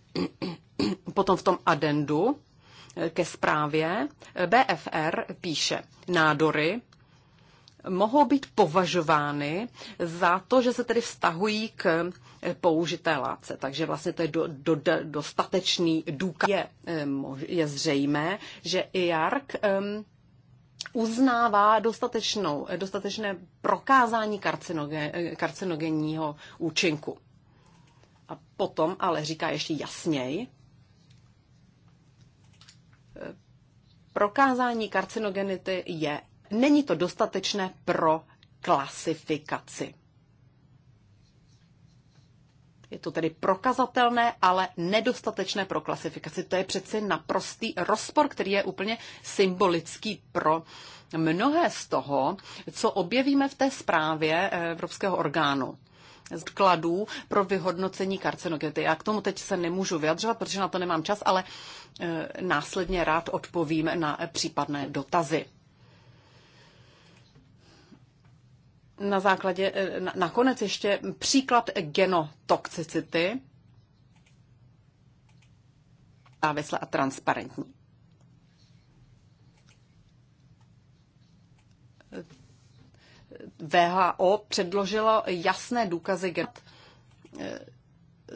potom v tom adendu eh, ke zprávě eh, BFR píše nádory, mohou být považovány za to, že se tedy vztahují k eh, použité látce. Takže vlastně to je do, do, dostatečný důkaz. Je, eh, je zřejmé, že Jark um, ehm, uznává dostatečnou, dostatečné prokázání karcinogen, eh, karcinogenního účinku. A potom ale říká ještě jasněji, prokázání karcinogenity je není to dostatečné pro klasifikaci. Je to tedy prokazatelné, ale nedostatečné pro klasifikaci. To je přeci naprostý rozpor, který je úplně symbolický pro mnohé z toho, co objevíme v té zprávě eh, Evropského orgánu zkladů pro vyhodnocení karcinogenity. Já k tomu teď se nemůžu vyjadřovat, protože na to nemám čas, ale eh, následně rád odpovím na případné dotazy. na základě, eh, na nakonec ještě příklad genotoxicity, závislé a transparentní. VHO předložilo jasné důkazy eh,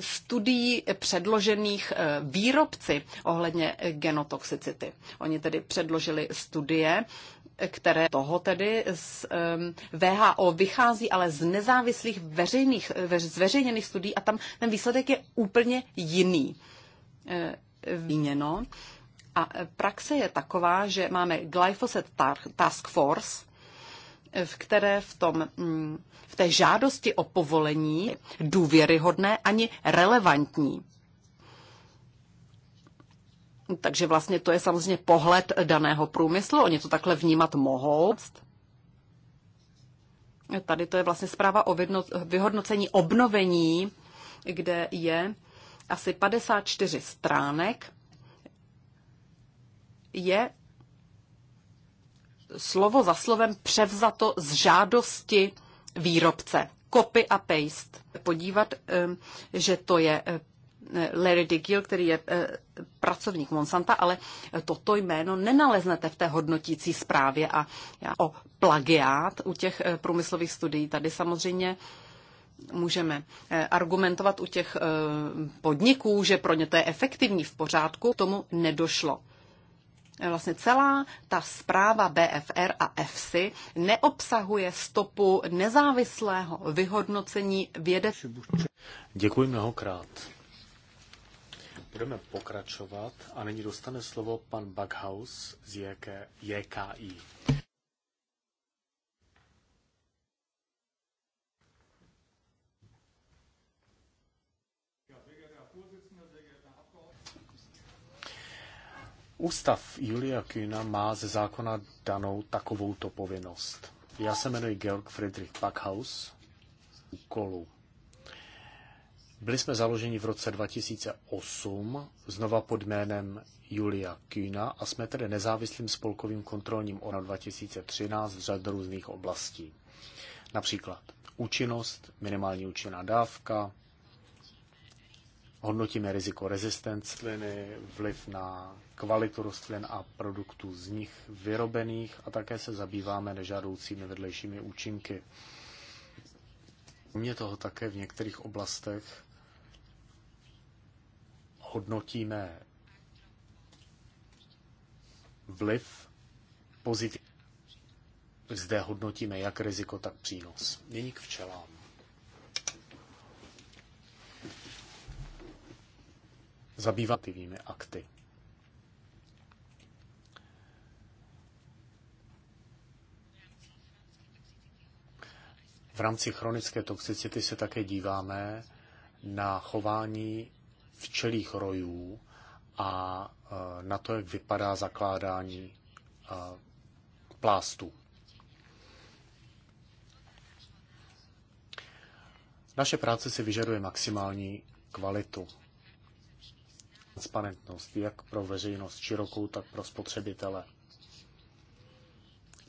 studií předložených eh, výrobci ohledně genotoxicity. Oni tedy předložili studie které toho tedy z VHO vychází, ale z nezávislých veřejných, e, zveřejněných studií a tam ten výsledek je úplně jiný. E, výměno. A e, praxe je taková, že máme Glyphosate Task Force, v které v, tom, mm, v té žádosti o povolení důvěryhodné ani relevantní. Takže vlastně to je samozřejmě pohled daného průmyslu, oni to takhle vnímat mohou. Tady to je vlastně zpráva o vyhodnocení obnovení, kde je asi 54 stránek. Je slovo za slovem převzato z žádosti výrobce. Copy a paste. Podívat, eh, že to je eh, Eh, Larry DeGill, který je eh, pracovník Monsanta, ale toto jméno nenaleznete v té hodnotící zprávě a o plagiát u těch eh, průmyslových studií. Tady samozřejmě můžeme argumentovat u těch podniků, že pro ně to je efektivní v pořádku, k tomu nedošlo. Vlastně celá ta zpráva BFR a EFSI neobsahuje stopu nezávislého vyhodnocení vědec. Děkuji mnohokrát. Budeme pokračovat a nyní dostane slovo pan Backhaus z JKI. Ústav Julia Kühna má ze zákona danou takovouto povinnost. Já se jmenuji Georg Friedrich Backhaus úkolu byli jsme založeni v roce 2008, znova pod jménem Julia Kühna a jsme tedy nezávislým spolkovým kontrolním ona 2013 v řad různých oblastí. Například účinnost, minimální účinná dávka, hodnotíme riziko rezistence, vliv na kvalitu rostlin a produktů z nich vyrobených a také se zabýváme nežádoucími vedlejšími účinky. Mě toho také v některých oblastech hodnotíme vliv pozitivní. Zde hodnotíme jak riziko, tak přínos. Nyní k včelám. Zabývativými akty. V rámci chronické toxicity se také díváme na chování včelích rojů a e, na to, jak vypadá zakládání e, plástů. Naše práce si vyžaduje maximální kvalitu. Transparentnost jak pro veřejnost širokou, tak pro spotřebitele.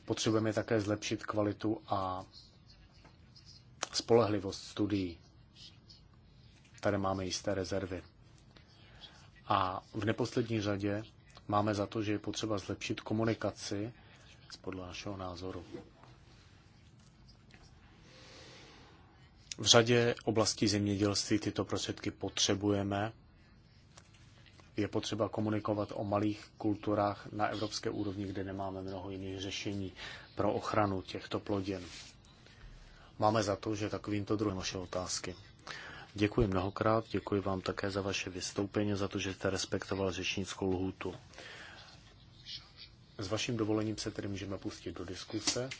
Potřebujeme také zlepšit kvalitu a spolehlivost studií. Tady máme jisté rezervy. A v neposlední řadě máme za to, že je potřeba zlepšit komunikaci podle našeho názoru. V řadě oblastí zemědělství tyto prostředky potřebujeme. Je potřeba komunikovat o malých kulturách na evropské úrovni, kde nemáme mnoho jiných řešení pro ochranu těchto plodin. Máme za to, že takovýmto druhem naše otázky. Děkuji mnohokrát, děkuji vám také za vaše vystoupení, za to, že jste respektoval řečnickou lhůtu. S vaším dovolením se tedy můžeme pustit do diskuse.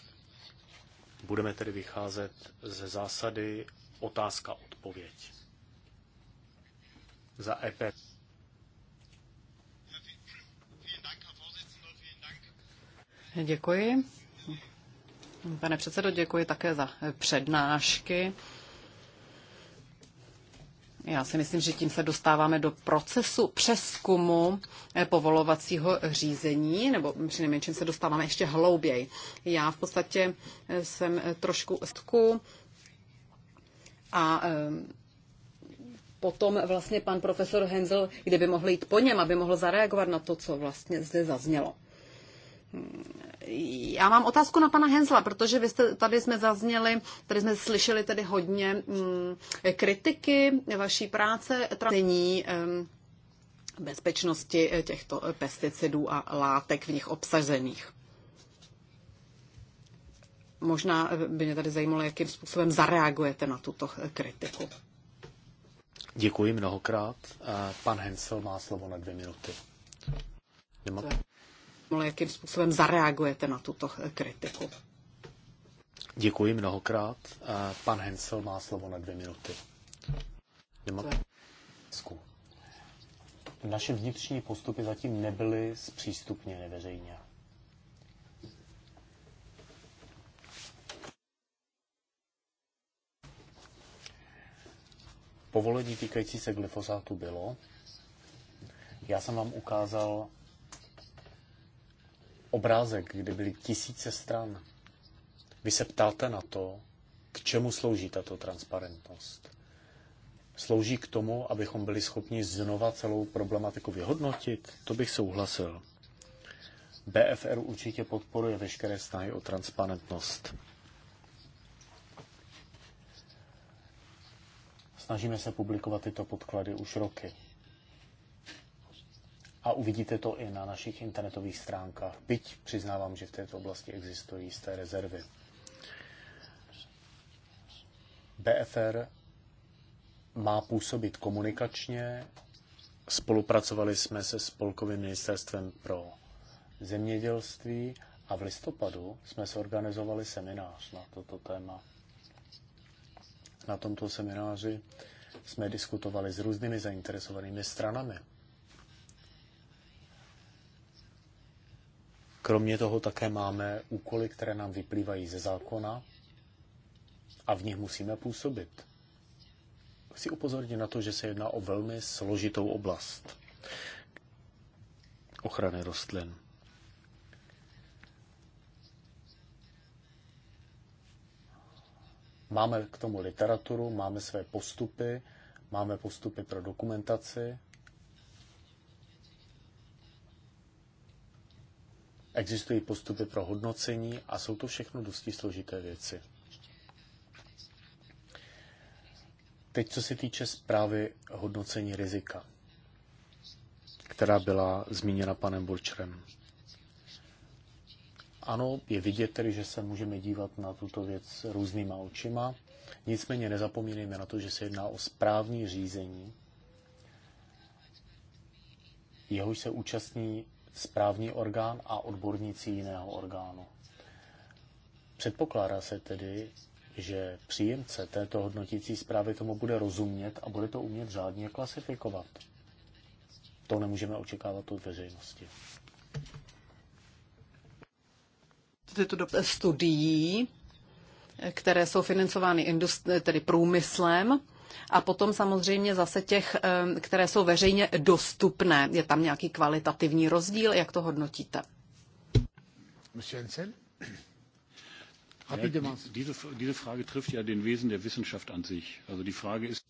Budeme tedy vycházet ze zásady otázka-odpověď. Za EP. Děkuji. Pane předsedo, děkuji také za přednášky. Já si myslím, že tím se dostáváme do procesu přeskumu eh, povolovacího řízení, nebo přinejmenším se dostáváme ještě hlouběji. Já v podstatě eh, jsem eh, trošku stku a ehm, potom vlastně pan profesor Henzel, kdyby mohl jít po něm, aby mohl zareagovat na to, co vlastně zde zaznělo. Já mám otázku na pana Hensla, protože vy jste, tady jsme zazněli, tady jsme slyšeli tedy hodně mm, kritiky vaší práce, trápení mm, bezpečnosti těchto pesticidů a látek v nich obsažených. Možná by mě tady zajímalo, jakým způsobem zareagujete na tuto kritiku. Děkuji mnohokrát. Eh, pan Hensel má slovo na dvě minuty. Děma zajímalo, jakým způsobem zareagujete na tuto eh, kritiku. Děkuji mnohokrát. Eh, pan Hensel má slovo na dvě minuty. Naše vnitřní postupy zatím nebyly zpřístupněny veřejně. Povolení týkající se glyfosátu bylo. Já jsem vám ukázal obrázek, kde byly tisíce stran. Vy se ptáte na to, k čemu slouží tato transparentnost. Slouží k tomu, abychom byli schopni znova celou problematiku vyhodnotit? To bych souhlasil. BFR určitě podporuje veškeré snahy o transparentnost. Snažíme se publikovat tyto podklady už roky a uvidíte to i na našich internetových stránkách, byť přiznávám, že v této oblasti existují jisté rezervy. BFR má působit komunikačně. Spolupracovali jsme se Spolkovým ministerstvem pro zemědělství a v listopadu jsme se organizovali seminář na toto téma. Na tomto semináři jsme diskutovali s různými zainteresovanými stranami. Kromě toho také máme úkoly, které nám vyplývají ze zákona a v nich musíme působit. Chci upozornit na to, že se jedná o velmi složitou oblast ochrany rostlin. Máme k tomu literaturu, máme své postupy, máme postupy pro dokumentaci, Existují postupy pro hodnocení a jsou to všechno dosti složité věci. Teď, co se týče zprávy hodnocení rizika, která byla zmíněna panem Burčerem. Ano, je vidět tedy, že se můžeme dívat na tuto věc různýma očima, nicméně nezapomínejme na to, že se jedná o správní řízení, jehož se účastní správní orgán a odborníci jiného orgánu. Předpokládá se tedy, že příjemce této hodnotící zprávy tomu bude rozumět a bude to umět řádně klasifikovat. To nemůžeme očekávat od veřejnosti. Tyto do studií, které jsou financovány tedy průmyslem, a potom samozřejmě zase těch, které jsou veřejně dostupné. Je tam nějaký kvalitativní rozdíl, jak to hodnotíte? Monsieur Ansel? Diese, diese Frage trifft ja den Wesen der Wissenschaft an sich. Also die Frage ist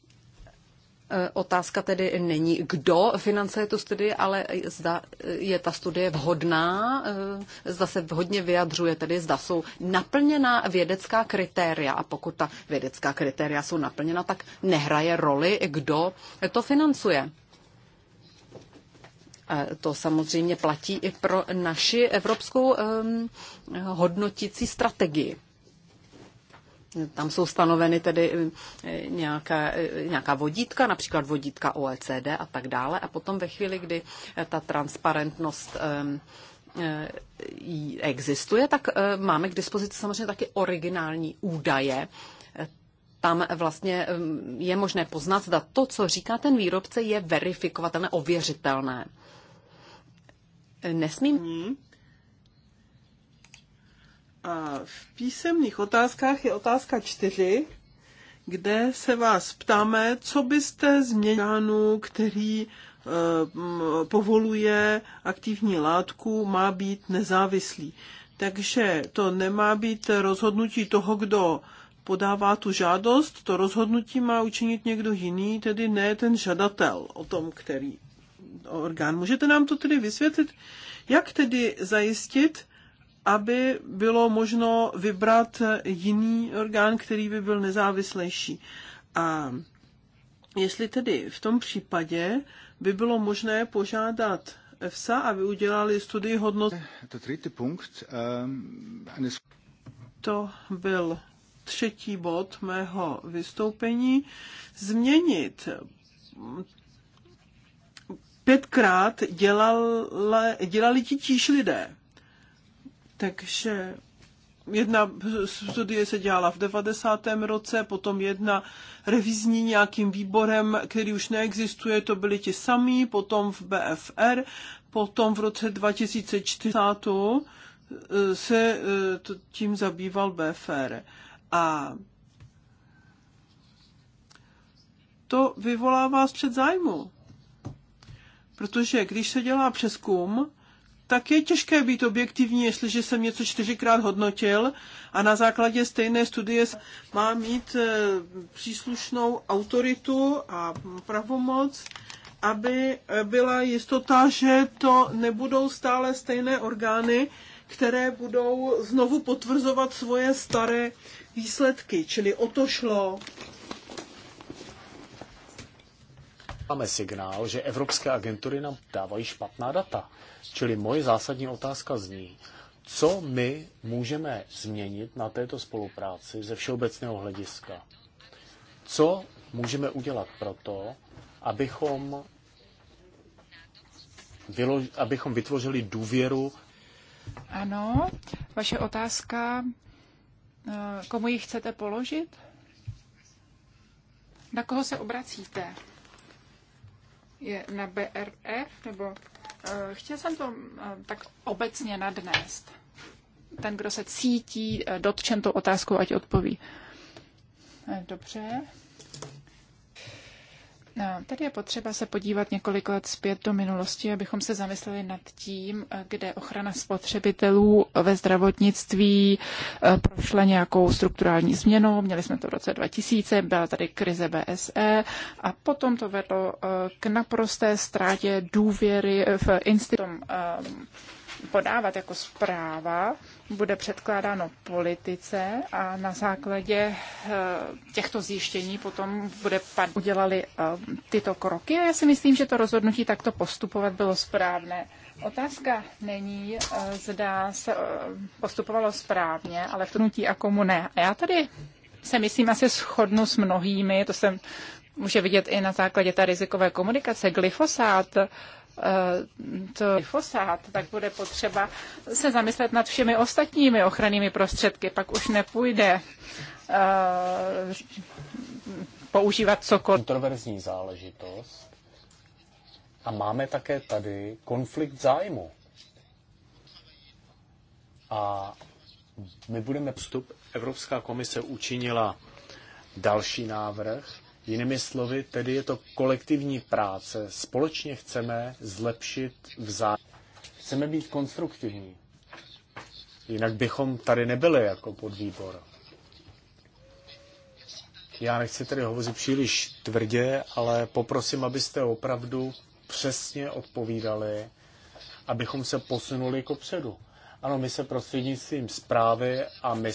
E, otázka tedy není, kdo financuje tu studii, ale zda je ta studie vhodná, e, zda se vhodně vyjadřuje, tedy zda jsou naplněná vědecká kritéria. A pokud ta vědecká kritéria jsou naplněna, tak nehraje roli, kdo to financuje. E, to samozřejmě platí i pro naši evropskou hodnotící strategii. Tam jsou stanoveny tedy eh, nějaká, eh, nějaká vodítka, například vodítka OECD a tak dále. A potom ve chvíli, kdy eh, ta transparentnost existuje, tak máme k dispozici samozřejmě taky originální údaje. Tam vlastně je možné poznat, zda to, co říká ten výrobce, je verifikovatelné, ověřitelné. Nesmím hmm. A v písemných otázkách je otázka čtyři, kde se vás ptáme, co byste změnil, který eh, povoluje aktivní látku, má být nezávislý. Takže to nemá být rozhodnutí toho, kdo podává tu žádost, to rozhodnutí má učinit někdo jiný, tedy ne ten žadatel o tom, který orgán. Můžete nám to tedy vysvětlit, jak tedy zajistit, aby bylo možno vybrat jiný orgán, který by byl nezávislejší. A jestli tedy v tom případě by bylo možné požádat EFSA, aby udělali studii hodnot. To ehm, ehm, ehm, byl třetí bod mého vystoupení. Změnit pětkrát dělal dělali ti tíž lidé. Takže jedna studie se dělala v 90. roce, potom jedna revizní nějakým výborem, který už neexistuje, to byli ti samí, potom v BFR, potom v roce 2004 eh, se eh, tím zabýval BFR. A to vyvolává střed zájmu. Protože když se dělá přeskum, tak je těžké být objektivní, jestliže jsem něco čtyřikrát hodnotil a na základě stejné studie má mít e, příslušnou autoritu a pravomoc, aby e, byla jistota, že to nebudou stále stejné orgány, které budou znovu potvrzovat svoje staré výsledky. Čili o to šlo Máme signál, že evropské agentury nám dávají špatná data. Čili moje zásadní otázka zní, co my můžeme změnit na této spolupráci ze všeobecného hlediska? Co můžeme udělat pro to, abychom, abychom vytvořili důvěru? Ano, vaše otázka, eh, komu ji chcete položit? Na koho se obracíte? je na BRF, nebo uh, chtěl jsem to uh, tak obecně nadnést. Ten, kdo se cítí uh, dotčen tou otázkou, ať odpoví. Dobře, Tady je potřeba se podívat několik let zpět do minulosti, abychom se zamysleli nad tím, kde ochrana spotřebitelů ve zdravotnictví e, prošla nějakou strukturální změnou. Měli jsme to v roce 2000, byla tady krize BSE a potom to vedlo e, k naprosté ztrátě důvěry v institutu podávat jako zpráva, bude předkládáno politice a na základě eh, těchto zjištění potom bude pan udělali eh, tyto kroky a já si myslím, že to rozhodnutí takto postupovat bylo správné. Otázka není, eh, zda se postupovalo správně, ale v hnutí a komu ne. A já tady se myslím asi shodnu s mnohými, to jsem může vidět i na základě té rizikové komunikace. Glyfosát to glyfosát, tak bude potřeba se zamyslet nad všemi ostatními ochrannými prostředky. Pak už nepůjde uh, používat cokoliv. Kontroverzní záležitost. A máme také tady konflikt zájmu. A my budeme... Vstup Evropská komise učinila další návrh, Jinými slovy, tedy je to kolektivní práce. Společně chceme zlepšit vzájem. Chceme být konstruktivní. Jinak bychom tady nebyli jako podvýbor. Já nechci tedy hovořit příliš tvrdě, ale poprosím, abyste opravdu přesně odpovídali, abychom se posunuli jako předu. Ano, my se prostřednictvím zprávy a my...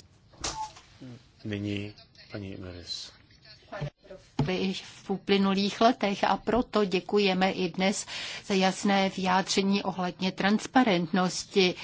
Nyní paní Imeris projevy v uplynulých letech a proto děkujeme i dnes za jasné vyjádření ohledně transparentnosti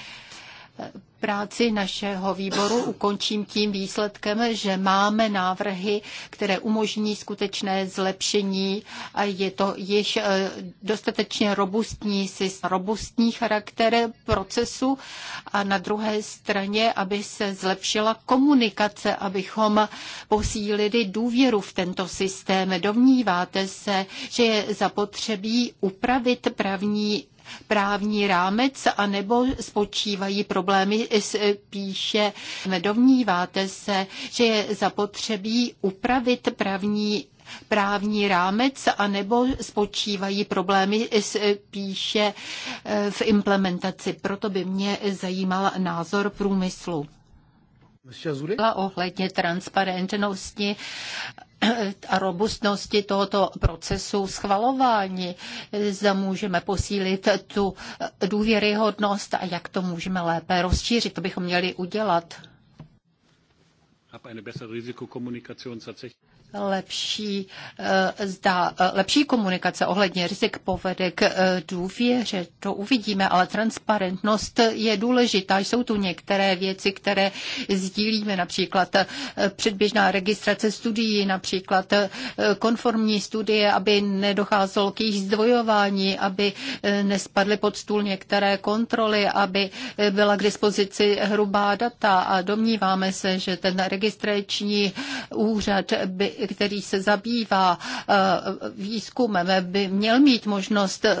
práci našeho výboru ukončím tím výsledkem, že máme návrhy, které umožní skutečné zlepšení a je to již eh, dostatečně robustní, robustní charakter procesu a na druhé straně, aby se zlepšila komunikace, abychom posílili důvěru v tento systém. Domníváte se, že je zapotřebí upravit právní právní rámec, anebo spočívají problémy spíše e, domníváte se, že je zapotřebí upravit právní právní rámec, anebo spočívají problémy spíše e, e, v implementaci. Proto by mě zajímal názor průmyslu. Ohledně transparentnosti a robustnosti tohoto procesu schvalování. Zda můžeme posílit tu důvěryhodnost a jak to můžeme lépe rozšířit. To bychom měli udělat lepší, eh, zda eh, lepší komunikace ohledně rizik povede k eh, důvěře. To uvidíme, ale transparentnost je důležitá. Jsou tu některé věci, které sdílíme, například předběžná registrace studií, například konformní studie, aby nedocházelo k jejich zdvojování, aby nespadly pod stůl některé kontroly, aby byla k dispozici hrubá data a domníváme se, že ten registrační úřad by který se zabývá eh, výzkumem, by měl mít možnost eh,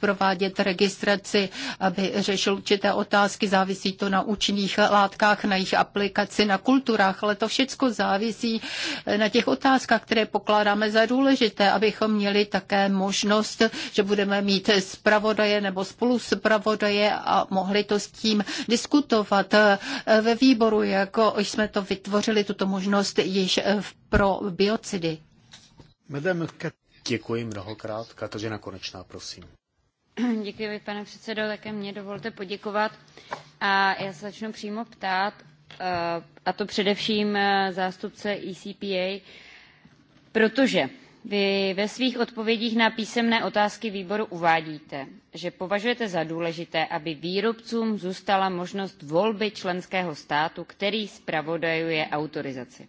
provádět registraci, aby řešil určité otázky. Závisí to na účinných látkách, na jejich aplikaci, na kulturách, ale to všechno závisí eh, na těch otázkách, které pokládáme za důležité, abychom měli také možnost, že budeme mít zpravodaje nebo spolu zpravodaje a mohli to s tím diskutovat ve výboru, jako jsme to vytvořili, tuto možnost již v pro biocidy. Děkuji mnohokrát. Kateřina Konečná, prosím. Děkuji, pane předsedo. Také mě dovolte poděkovat. A já se začnu přímo ptát, eh, a to především eh, zástupce ECPA, protože vy ve svých odpovědích na písemné otázky výboru uvádíte, že považujete za důležité, aby výrobcům zůstala možnost volby členského státu, který zpravodajuje autorizaci.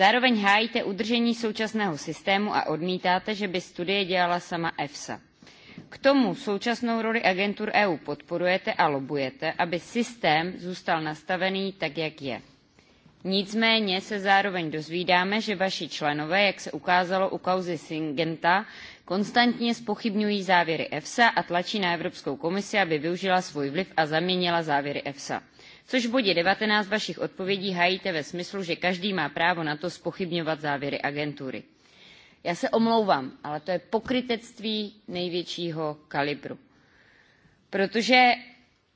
Zároveň hájíte udržení současného systému a odmítáte, že by studie dělala sama EFSA. K tomu současnou roli agentur EU podporujete a lobujete, aby systém zůstal nastavený tak, jak je. Nicméně se zároveň dozvídáme, že vaši členové, jak se ukázalo u kauzy Syngenta, konstantně spochybňují závěry EFSA a tlačí na Evropskou komisi, aby využila svůj vliv a zaměnila závěry EFSA což v bodě nineteen vašich odpovědí hájíte ve smyslu že každý má právo na to zpochybňovat závěry agentury. já se omlouvám ale to je pokrytectví největšího kalibru protože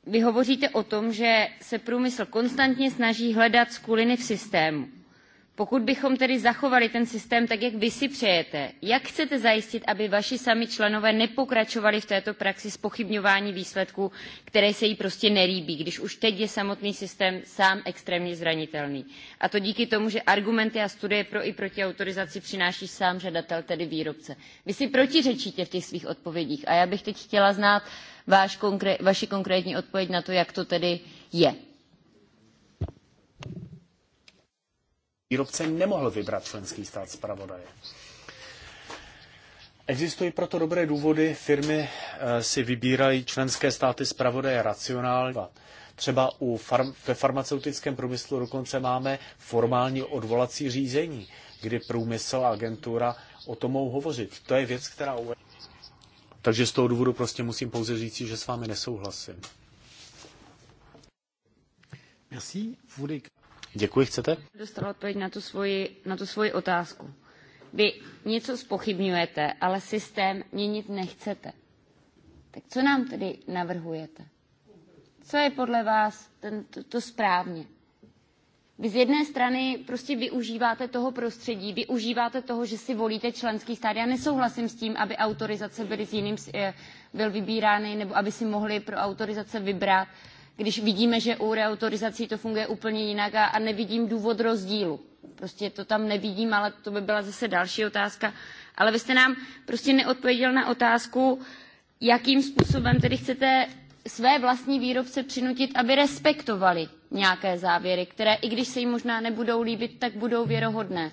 vy hovoříte o tom že se průmysl konstantně snaží hledat skuliny v systému pokud bychom tedy zachovali ten systém tak, jak vy si přejete, jak chcete zajistit, aby vaši sami členové nepokračovali v této praxi spochybňování výsledků, které se jí prostě nelíbí, když už teď je samotný systém sám extrémně zranitelný. A to díky tomu, že argumenty a studie pro i proti autorizaci přináší sám žadatel, tedy výrobce. Vy si protiřečíte v těch svých odpovědích a já bych teď chtěla znát váš konkré, vaši konkrétní odpověď na to, jak to tedy je. výrobce nemohl vybrat členský stát zpravodaje. Existují proto dobré důvody, firmy eh, si vybírají členské státy zpravodaje racionálně. Třeba u farm, ve farmaceutickém průmyslu dokonce máme formální odvolací řízení, kdy průmysl a agentura o tom mohou hovořit. To je věc, která... Takže z toho důvodu prostě musím pouze říct, že s vámi nesouhlasím. Merci. Děkuji, chcete? Dostala odpověď na tu svoji, na tu svoji otázku. Vy něco spochybňujete, ale systém měnit nechcete. Tak co nám tedy navrhujete? Co je podle vás ten, to, to správně? Vy z jedné strany prostě využíváte toho prostředí, využíváte toho, že si volíte členský stát. Já nesouhlasím s tím, aby autorizace byly s jiným, eh, byl vybírány, nebo aby si mohli pro autorizace vybrat když vidíme, že u reautorizací to funguje úplně jinak a, a nevidím důvod rozdílu. Prostě to tam nevidím, ale to by byla zase další otázka. Ale vy jste nám prostě neodpověděl na otázku, jakým způsobem tedy chcete své vlastní výrobce přinutit, aby respektovali nějaké závěry, které i když se jim možná nebudou líbit, tak budou věrohodné.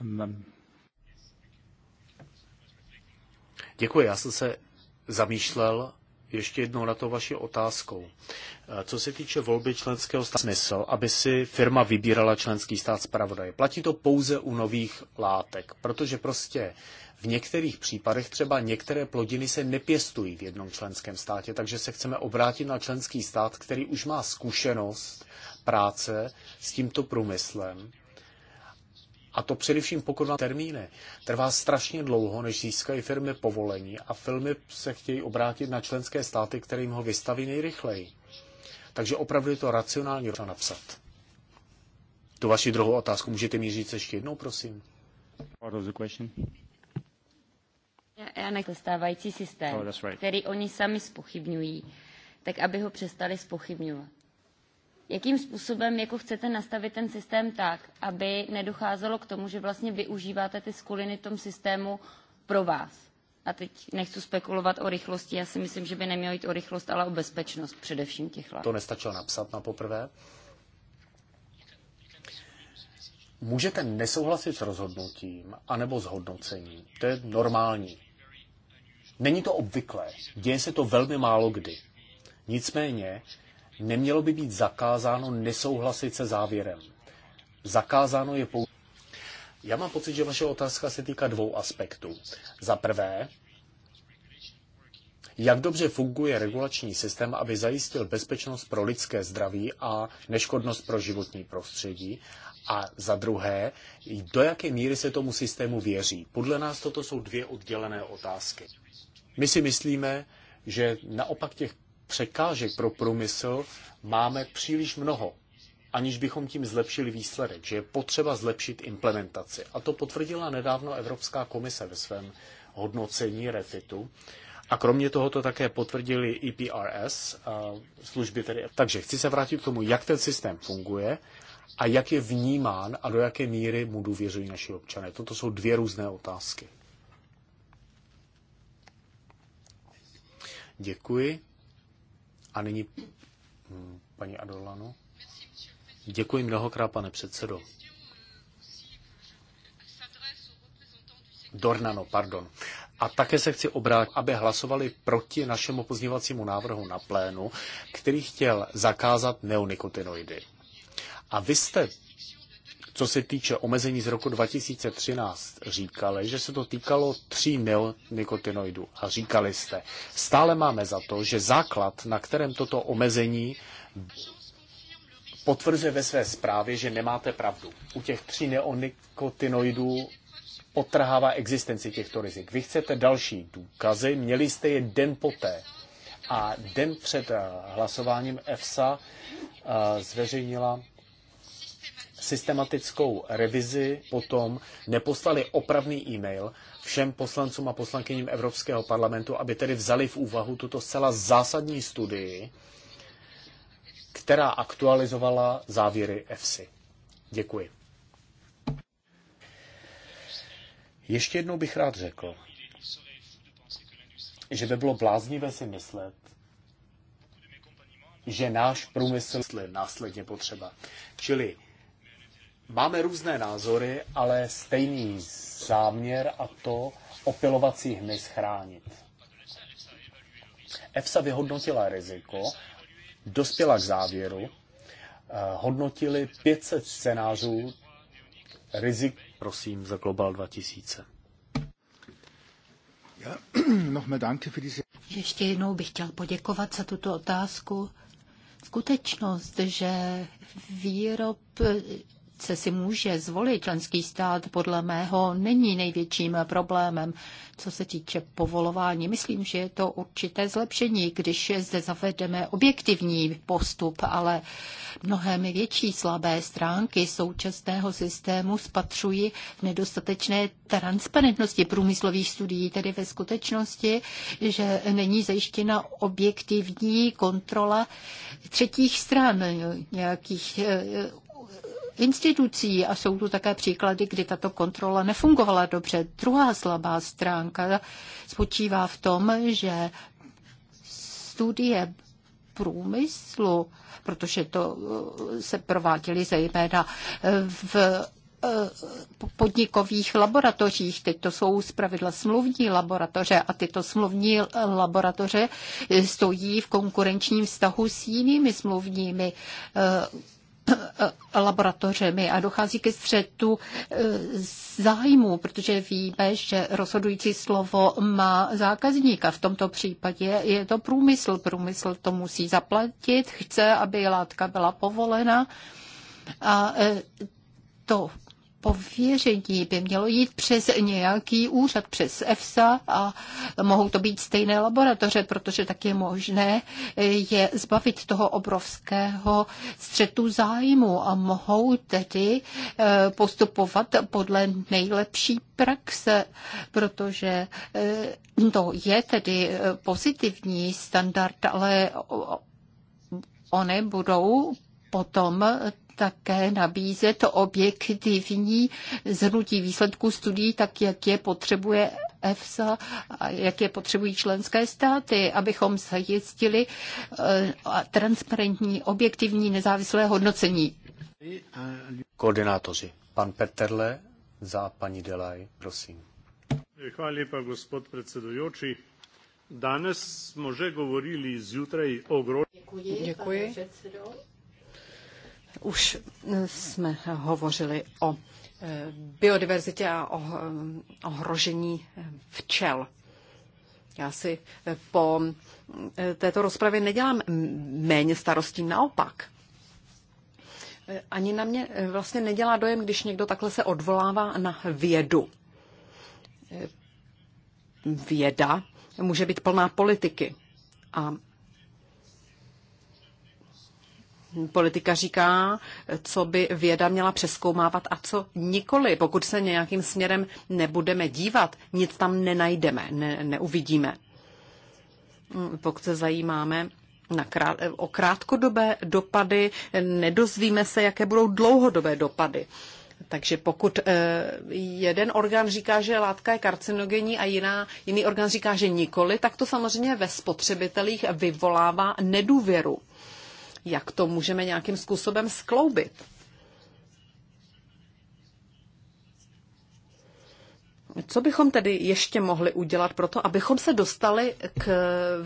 Um, Děkuji, já jsem se zamýšlel ještě jednou na to vaši otázkou. Eh, co se týče volby členského státu, smysl, aby si firma vybírala členský stát zpravodaje. Platí to pouze u nových látek, protože prostě v některých případech třeba některé plodiny se nepěstují v jednom členském státě, takže se chceme obrátit na členský stát, který už má zkušenost práce s tímto průmyslem a to především pokud na termíny. Trvá strašně dlouho, než získají firmy povolení a filmy se chtějí obrátit na členské státy, které jim ho vystaví nejrychleji. Takže opravdu je to racionální napsat. Tu vaši druhou otázku můžete mi říct ještě jednou, prosím? Part of the question. stávající systém, oh, right. který oni sami spochybňují, tak aby ho přestali spochybňovat jakým způsobem jako chcete nastavit ten systém tak, aby nedocházelo k tomu, že vlastně využíváte ty skuliny v tom systému pro vás. A teď nechci spekulovat o rychlosti, já si myslím, že by nemělo jít o rychlost, ale o bezpečnost především těch látek. To nestačilo napsat na poprvé. Můžete nesouhlasit s rozhodnutím anebo s hodnocením. To je normální. Není to obvyklé. Děje se to velmi málo kdy. Nicméně Nemělo by být zakázáno nesouhlasit se závěrem. Zakázáno je pouze. Já mám pocit, že vaše otázka se týká dvou aspektů. Za prvé, jak dobře funguje regulační systém, aby zajistil bezpečnost pro lidské zdraví a neškodnost pro životní prostředí. A za druhé, do jaké míry se tomu systému věří. Podle nás toto jsou dvě oddělené otázky. My si myslíme, že naopak těch překážek pro průmysl máme příliš mnoho, aniž bychom tím zlepšili výsledek, že je potřeba zlepšit implementaci. A to potvrdila nedávno Evropská komise ve svém hodnocení refitu. A kromě toho to také potvrdili EPRS, služby tedy. Takže chci se vrátit k tomu, jak ten systém funguje a jak je vnímán a do jaké míry mu důvěřují naši občané. Toto jsou dvě různé otázky. Děkuji. A nyní mm, paní Adolano. Děkuji mnohokrát, pane předsedo. Dornano, pardon. A také se chci obrátit, aby hlasovali proti našemu pozněvacímu návrhu na plénu, který chtěl zakázat neonikotinoidy. A vy jste co se týče omezení z roku 2013, říkali, že se to týkalo tří neonikotinoidů. A říkali jste, stále máme za to, že základ, na kterém toto omezení potvrzuje ve své zprávě, že nemáte pravdu. U těch tří neonikotinoidů potrhává existenci těchto rizik. Vy chcete další důkazy, měli jste je den poté. A den před eh, hlasováním EFSA eh, zveřejnila systematickou revizi potom neposlali opravný e-mail všem poslancům a poslankyním Evropského parlamentu, aby tedy vzali v úvahu tuto zcela zásadní studii, která aktualizovala závěry EFSI. Děkuji. Ještě jednou bych rád řekl, že by bylo bláznivé si myslet, že náš průmysl je následně potřeba. Čili Máme různé názory, ale stejný záměr a to opilovat si hmyz chránit. EFSA vyhodnotila riziko, dospěla k závěru, eh, hodnotili 500 scénářů rizik. Prosím, za Global 2000. Ještě jednou bych chtěl poděkovat za tuto otázku. Skutečnost, že výrob více si může zvolit členský stát, podle mého není největším problémem. Co se týče povolování, myslím, že je to určité zlepšení, když zde zavedeme objektivní postup, ale mnohem větší slabé stránky současného systému spatřují v nedostatečné transparentnosti průmyslových studií, tedy ve skutečnosti, že není zajištěna objektivní kontrola třetích stran nějakých eh, institucí a jsou tu také příklady, kdy tato kontrola nefungovala dobře. Druhá slabá stránka spočívá v tom, že studie průmyslu, protože to eh, se prováděly zejména eh, v eh, podnikových laboratořích. Teď to jsou zpravidla smluvní laboratoře a tyto smluvní laboratoře stojí v konkurenčním vztahu s jinými smluvními Eh, laboratořemi a dochází ke střetu eh, zájmu, protože víme, že rozhodující slovo má zákazníka. V tomto případě je to průmysl. Průmysl to musí zaplatit, chce, aby látka byla povolena a eh, to pověření by mělo jít přes nějaký úřad, přes EFSA a mohou to být stejné laboratoře, protože tak je možné je zbavit toho obrovského střetu zájmu a mohou tedy postupovat podle nejlepší praxe, protože to je tedy pozitivní standard, ale one budou potom také nabízet objektivní zhrnutí výsledků studií, tak jak je potřebuje EFSA a jak je potřebují členské státy, abychom zajistili eh, transparentní, objektivní, nezávislé hodnocení. Koordinátoři, pan Peterle za paní Delaj, prosím. Hvala lepa, gospod predsedujoči. Danes jsme že govorili zjutraj o gro... Děkuji, Děkuji. Pane už eh, jsme hovořili o eh, biodiverzitě a o eh, ohrožení včel. Já si po této rozpravě nedělám méně starostí, naopak. Ani na mě vlastně nedělá dojem, když někdo takhle se odvolává na vědu. Věda může být plná politiky. A politika říká, co by věda měla přeskoumávat a co nikoli. Pokud se nějakým směrem nebudeme dívat, nic tam nenajdeme, ne, neuvidíme. Pokud se zajímáme na krát, o krátkodobé dopady, nedozvíme se, jaké budou dlouhodobé dopady. Takže pokud eh, jeden orgán říká, že látka je karcinogenní a jiná, jiný orgán říká, že nikoli, tak to samozřejmě ve spotřebitelích vyvolává nedůvěru jak to můžeme nějakým způsobem skloubit. Co bychom tedy ještě mohli udělat pro to, abychom se dostali k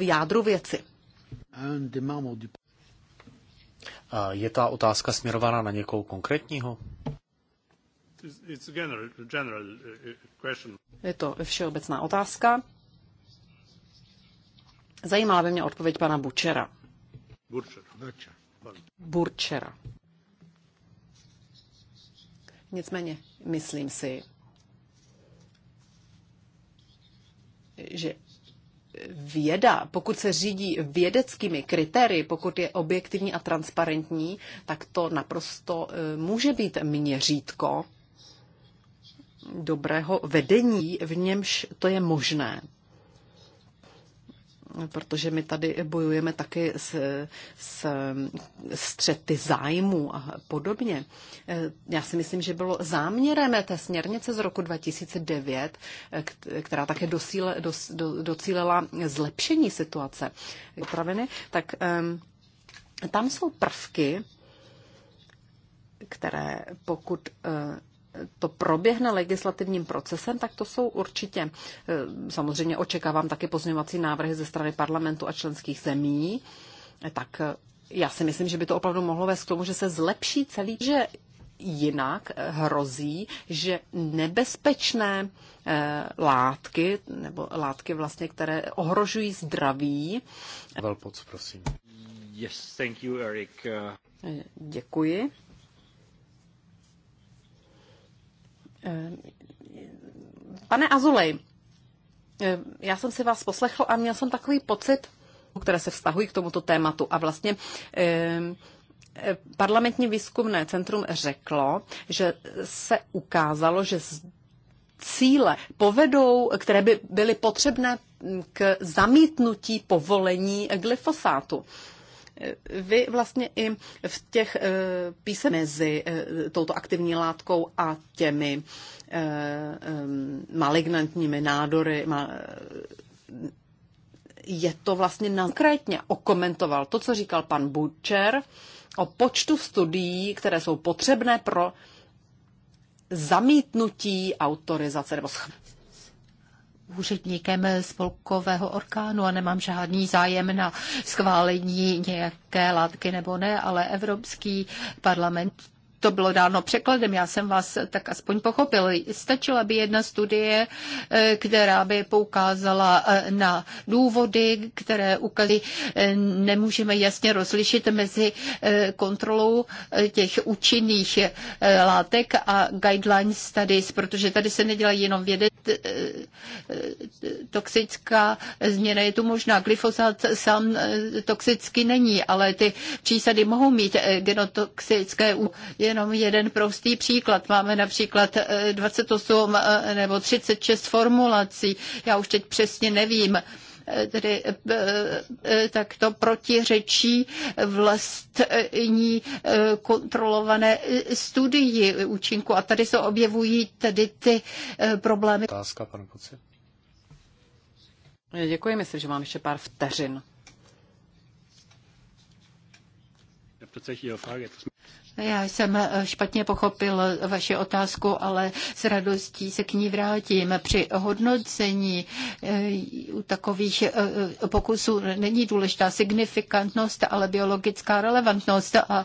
jádru věci? Je ta otázka směrovaná na někoho konkrétního? Uh, je to všeobecná otázka. Zajímala by mě odpověď pana Bučera. Burčera. Nicméně, myslím si, že věda, pokud se řídí vědeckými kritérii, pokud je objektivní a transparentní, tak to naprosto eh, může být měřítko dobrého vedení, v němž to je možné protože my tady bojujeme taky s, s střety zájmu a podobně. Eh, já si myslím, že bylo záměrem té směrnice z roku 2009, eh, která také dosíle, dos, do, docílela zlepšení situace potraviny, tak ehm, tam jsou prvky, které pokud eh, to proběhne legislativním procesem, tak to jsou určitě, e, samozřejmě očekávám taky pozměňovací návrhy ze strany parlamentu a členských zemí, e, tak e, já si myslím, že by to opravdu mohlo vést k tomu, že se zlepší celý, že jinak hrozí, že nebezpečné látky, nebo látky vlastně, které ohrožují zdraví. Velpoc, prosím. Yes, thank you, Eric. Děkuji. Eh, pane Azulej, eh, já jsem si vás poslechl a měl jsem takový pocit, které se vztahují k tomuto tématu a vlastně eh, Parlamentní výzkumné centrum řeklo, že se ukázalo, že cíle povedou, které by byly potřebné k zamítnutí povolení glyfosátu. Vy vlastně i v těch eh, písech mezi eh, touto aktivní látkou a těmi eh, malignantními nádory, je to vlastně na... konkrétně okomentoval to, co říkal pan Butcher o počtu studií, které jsou potřebné pro zamítnutí autorizace nebo schválení úředníkem spolkového orgánu a nemám žádný zájem na schválení nějaké látky nebo ne, ale Evropský parlament to bylo dáno překladem, já jsem vás tak aspoň pochopil. Stačila by jedna studie, eh, která by poukázala eh, na důvody, které ukazují, eh, nemůžeme jasně rozlišit mezi kontrolou těch účinných látek a guidelines studies, protože tady se nedělají jenom vědět, toxická změna je tu možná. Glyfosát sám toxicky není, ale ty přísady mohou mít genotoxické je jenom jeden prostý příklad. Máme například 28 eh, eh, nebo 36 formulací, já už teď přesně nevím eh, tedy tak to protiřečí vlastní kontrolované studii účinku. A tady se objevují tedy ty problémy. Otázka, pane Poci. Děkuji, myslím, že mám ještě pár vteřin. Já jsem špatně pochopil vaši otázku, ale s radostí se k ní vrátím. Při hodnocení eh, u takových eh, eh, pokusů není důležitá signifikantnost, ale biologická relevantnost. A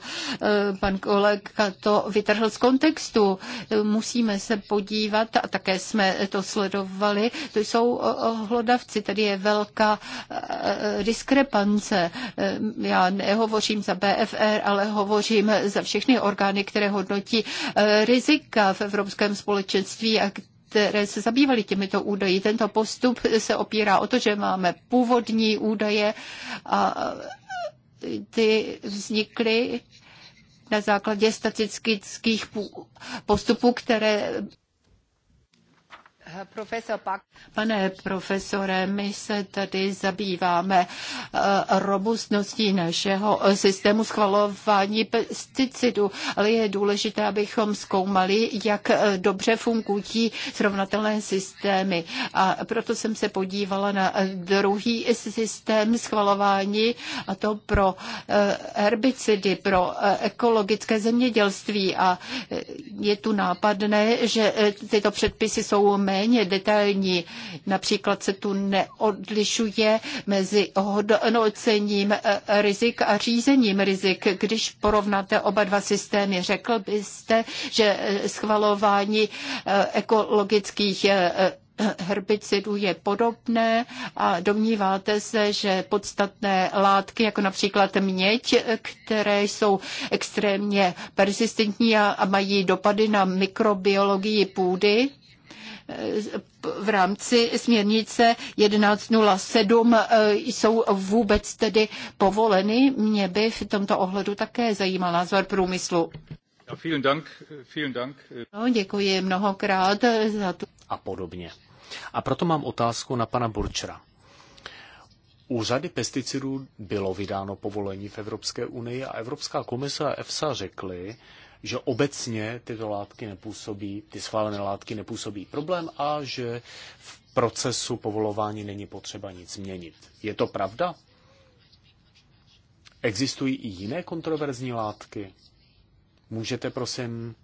pan kolega to vytrhl z kontextu. Musíme se podívat, a také jsme to sledovali, to jsou hlodavci, tady je velká diskrepance. Já nehovořím za BFR, ale hovořím za všechny všechny orgány, které hodnotí eh, rizika v Evropském společenství a které se zabývaly těmito údaji. Tento postup se opírá o to, že máme původní údaje a ty vznikly na základě statistických postupů, které Eh, Pane profesore, my se tady zabýváme eh, robustností našeho eh, systému schvalování pesticidů, ale je důležité, abychom zkoumali, jak dobře fungují srovnatelné systémy. A proto jsem se podívala na druhý systém schvalování, a to pro herbicidy, pro ekologické zemědělství. A je tu nápadné, že tyto předpisy jsou méně méně detailní. Například se tu neodlišuje mezi hodnocením eh, rizik a řízením rizik. Když porovnáte oba dva systémy, řekl byste, že eh, schvalování eh, ekologických herbicidů je podobné a domníváte se, že podstatné látky, jako například měď, které jsou extrémně persistentní a mají dopady na mikrobiologii půdy, v rámci směrnice 1107 eh, jsou vůbec tedy povoleny. Mě by v tomto ohledu také zajímal názor průmyslu. Ja, vielen Dank, vielen Dank. No, děkuji mnohokrát za tu. A podobně. A proto mám otázku na pana Burčera. U řady pesticidů bylo vydáno povolení v Evropské unii a Evropská komise a EFSA řekly, že obecně tyto látky nepůsobí, ty schválené látky nepůsobí problém a že v procesu povolování není potřeba nic měnit. Je to pravda? Existují i jiné kontroverzní látky? Můžete prosím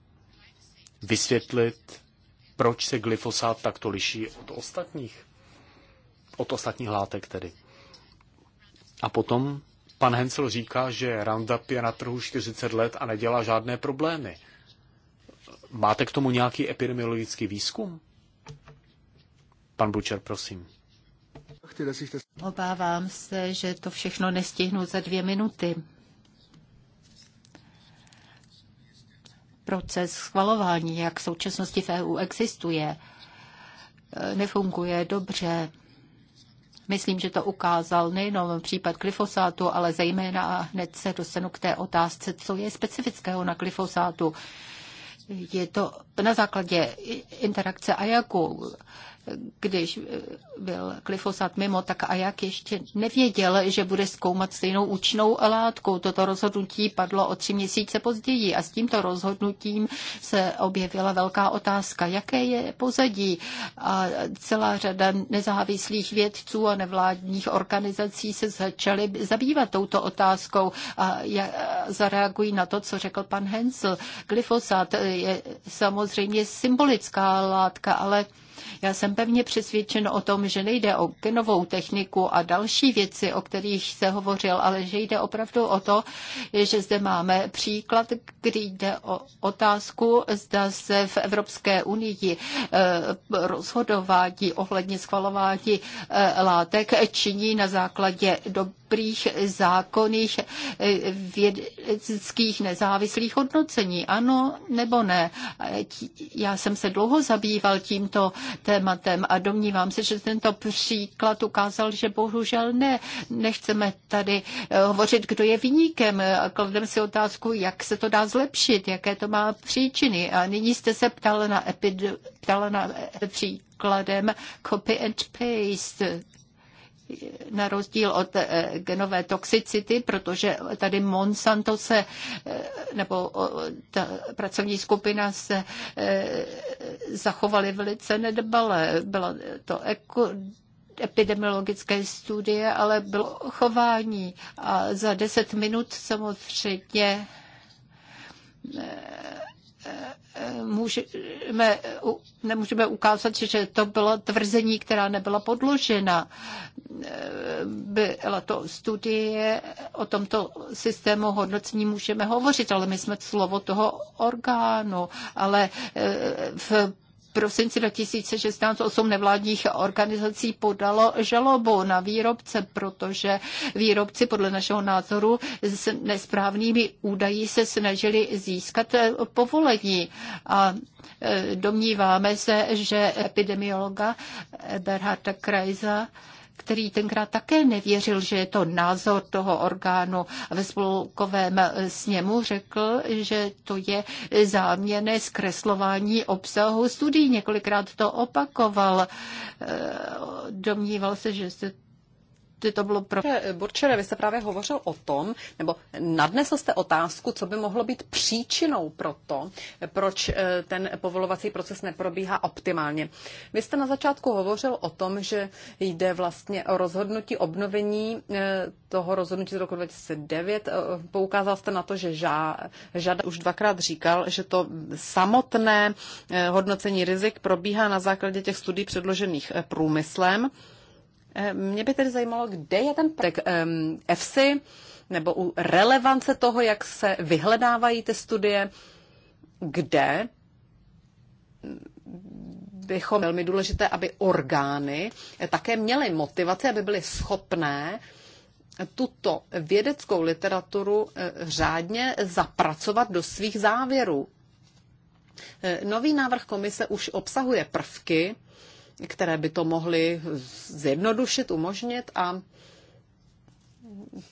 vysvětlit, proč se glyfosát takto liší od ostatních? Od ostatních látek tedy. A potom Pan Hensel říká, že Roundup je na trhu 40 let a nedělá žádné problémy. Máte k tomu nějaký epidemiologický výzkum? Pan Bučer, prosím. Obávám se, že to všechno nestihnu za dvě minuty. Proces schvalování, jak v současnosti v EU existuje, nefunguje dobře. Myslím, že to ukázal nejenom případ glyfosátu, ale zejména a hned se dostanu k té otázce, co je specifického na glyfosátu. Je to na základě interakce ajaku když byl glyfosát mimo, tak a jak ještě nevěděl, že bude zkoumat stejnou účinnou látku. Toto rozhodnutí padlo o tři měsíce později a s tímto rozhodnutím se objevila velká otázka, jaké je pozadí. A celá řada nezávislých vědců a nevládních organizací se začaly zabývat touto otázkou a zareagují na to, co řekl pan Hensel. Glyfosát je samozřejmě symbolická látka, ale já jsem pevně přesvědčen o tom, že nejde o genovou techniku a další věci, o kterých se hovořil, ale že jde opravdu o to, že zde máme příklad, kdy jde o otázku, zda se v Evropské unii eh, rozhodování ohledně schvalování eh, látek činí na základě dobrých dobrých zákonných eh, vědeckých nezávislých hodnocení. Ano nebo ne? Já jsem se dlouho zabýval tímto tématem a domnívám se, že tento příklad ukázal, že bohužel ne. Nechceme tady eh, hovořit, kdo je vyníkem. Kladem si otázku, jak se to dá zlepšit, jaké to má příčiny. A nyní jste se ptala na, epid, eh, ptala na příkladem copy and paste na rozdíl od eh, genové toxicity, protože tady Monsanto se, eh, nebo ta pracovní skupina se eh, zachovaly velice nedbale. Byla to eko, epidemiologické studie, ale bylo chování. A za deset minut samozřejmě nemůžeme, nemůžeme ukázat, že to bylo tvrzení, která nebyla podložena. Eh, byla to studie o tomto systému hodnocení můžeme hovořit, ale my jsme slovo toho orgánu, ale eh, v prosinci 2016 osm nevládních organizací podalo žalobu na výrobce, protože výrobci podle našeho názoru s nesprávnými údaji se snažili získat eh, povolení. A eh, domníváme se, že epidemiologa Berharda Krajza který tenkrát také nevěřil, že je to názor toho orgánu ve spolkovém eh, sněmu, řekl, že to je záměné zkreslování obsahu studií. Několikrát to opakoval. Eh, domníval se, že se ty to bylo pro... Burčere, vy jste právě hovořil o tom, nebo nadnesl jste otázku, co by mohlo být příčinou pro to, proč eh, ten povolovací proces neprobíhá optimálně. Vy jste na začátku hovořil o tom, že jde vlastně o rozhodnutí obnovení eh, toho rozhodnutí z roku 2009. Eh, poukázal jste na to, že žá, žada už dvakrát říkal, že to samotné hodnocení rizik probíhá na základě těch studií předložených průmyslem. Eh, mě by tedy zajímalo, kde je ten tak EFSI nebo u relevance toho, jak se vyhledávají ty studie, kde bychom velmi důležité, aby orgány také měly motivaci, aby byly schopné tuto vědeckou literaturu eh, řádně zapracovat do svých závěrů. Eh, nový návrh komise už obsahuje prvky, které by to mohly zjednodušit, umožnit a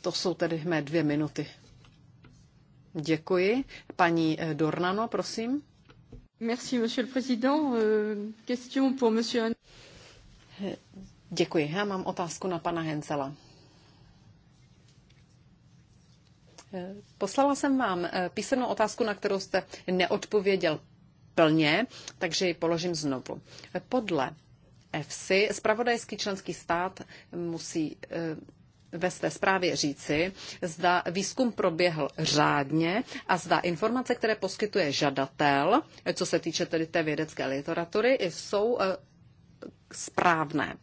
to jsou tedy mé dvě minuty. Děkuji. Paní eh, Dornano, prosím. Merci, monsieur le président. Euh, question pour monsieur... Eh, děkuji. Já mám otázku na pana Hensela. Eh, poslala jsem vám písemnou otázku, na kterou jste neodpověděl plně, takže ji položím znovu. Podle EFSI, spravodajský členský stát musí eh, ve své zprávě říci, zda výzkum proběhl řádně a zda informace, které poskytuje žadatel, co se týče tedy té vědecké literatury, jsou eh, správné.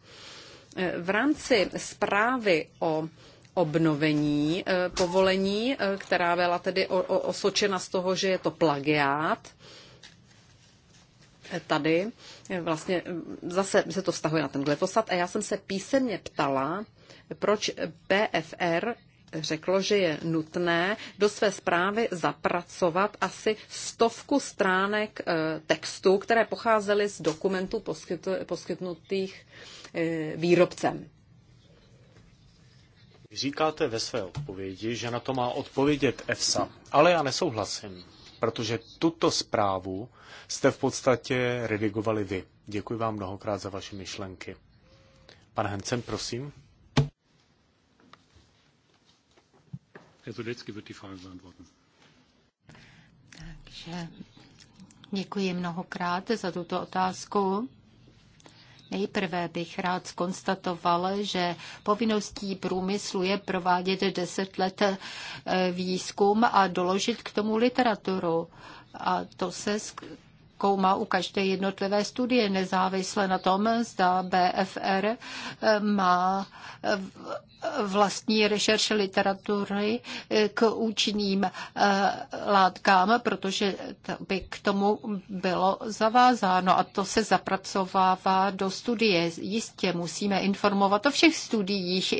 Eh, v rámci zprávy o obnovení povolení, která byla tedy osočena z toho, že je to plagiát, tady vlastně zase se to vztahuje na ten glyfosat, a já jsem se písemně ptala, proč BFR řeklo, že je nutné do své zprávy zapracovat asi stovku stránek eh, textu, které pocházely z dokumentů poskytnutých eh, výrobcem. Říkáte ve své odpovědi, že na to má odpovědět EFSA, ale já nesouhlasím protože tuto zprávu jste v podstatě redigovali vy. Děkuji vám mnohokrát za vaše myšlenky. Pan Hencen, prosím. Takže děkuji mnohokrát za tuto otázku. Nejprve bych rád konstatoval, že povinností průmyslu je provádět deset let eh, výzkum a doložit k tomu literaturu. A to se zkoumá má u každé jednotlivé studie, nezávisle na tom, zda BFR eh, má eh, eh, vlastní rešerše literatury k účinným látkám, protože by k tomu bylo zavázáno a to se zapracovává do studie. Jistě musíme informovat o všech studiích,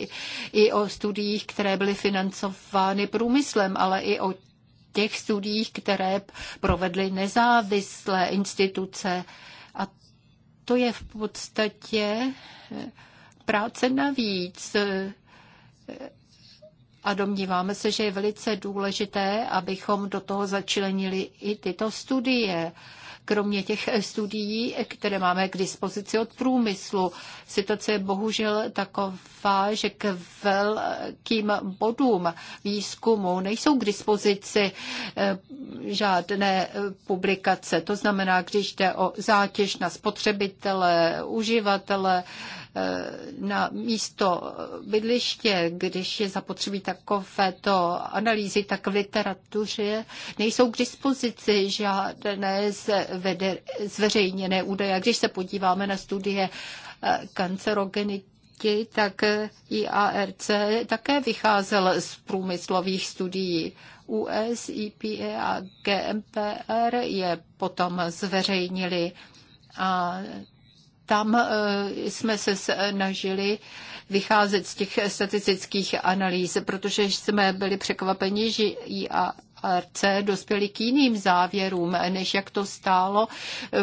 i o studiích, které byly financovány průmyslem, ale i o těch studiích, které provedly nezávislé instituce. A to je v podstatě eh, práce navíc. Eh, a domníváme se, že je velice důležité, abychom do toho začlenili i tyto studie kromě těch studií, které máme k dispozici od průmyslu. Situace je bohužel taková, že k velkým bodům výzkumu nejsou k dispozici eh, žádné eh, publikace. To znamená, když jde o zátěž na spotřebitele, uživatele, eh, na místo bydliště, když je zapotřebí takovéto analýzy, tak v literatuře nejsou k dispozici žádné z vede, zveřejněné údaje. A když se podíváme na studie eh, kancerogenity, tak eh, IARC také vycházel z průmyslových studií. US, EPA a GMPR je potom zveřejnili. A tam eh, jsme se snažili vycházet z těch statistických analýz, protože jsme byli překvapeni, že IARC ARC dospěli k jiným závěrům, než jak to stálo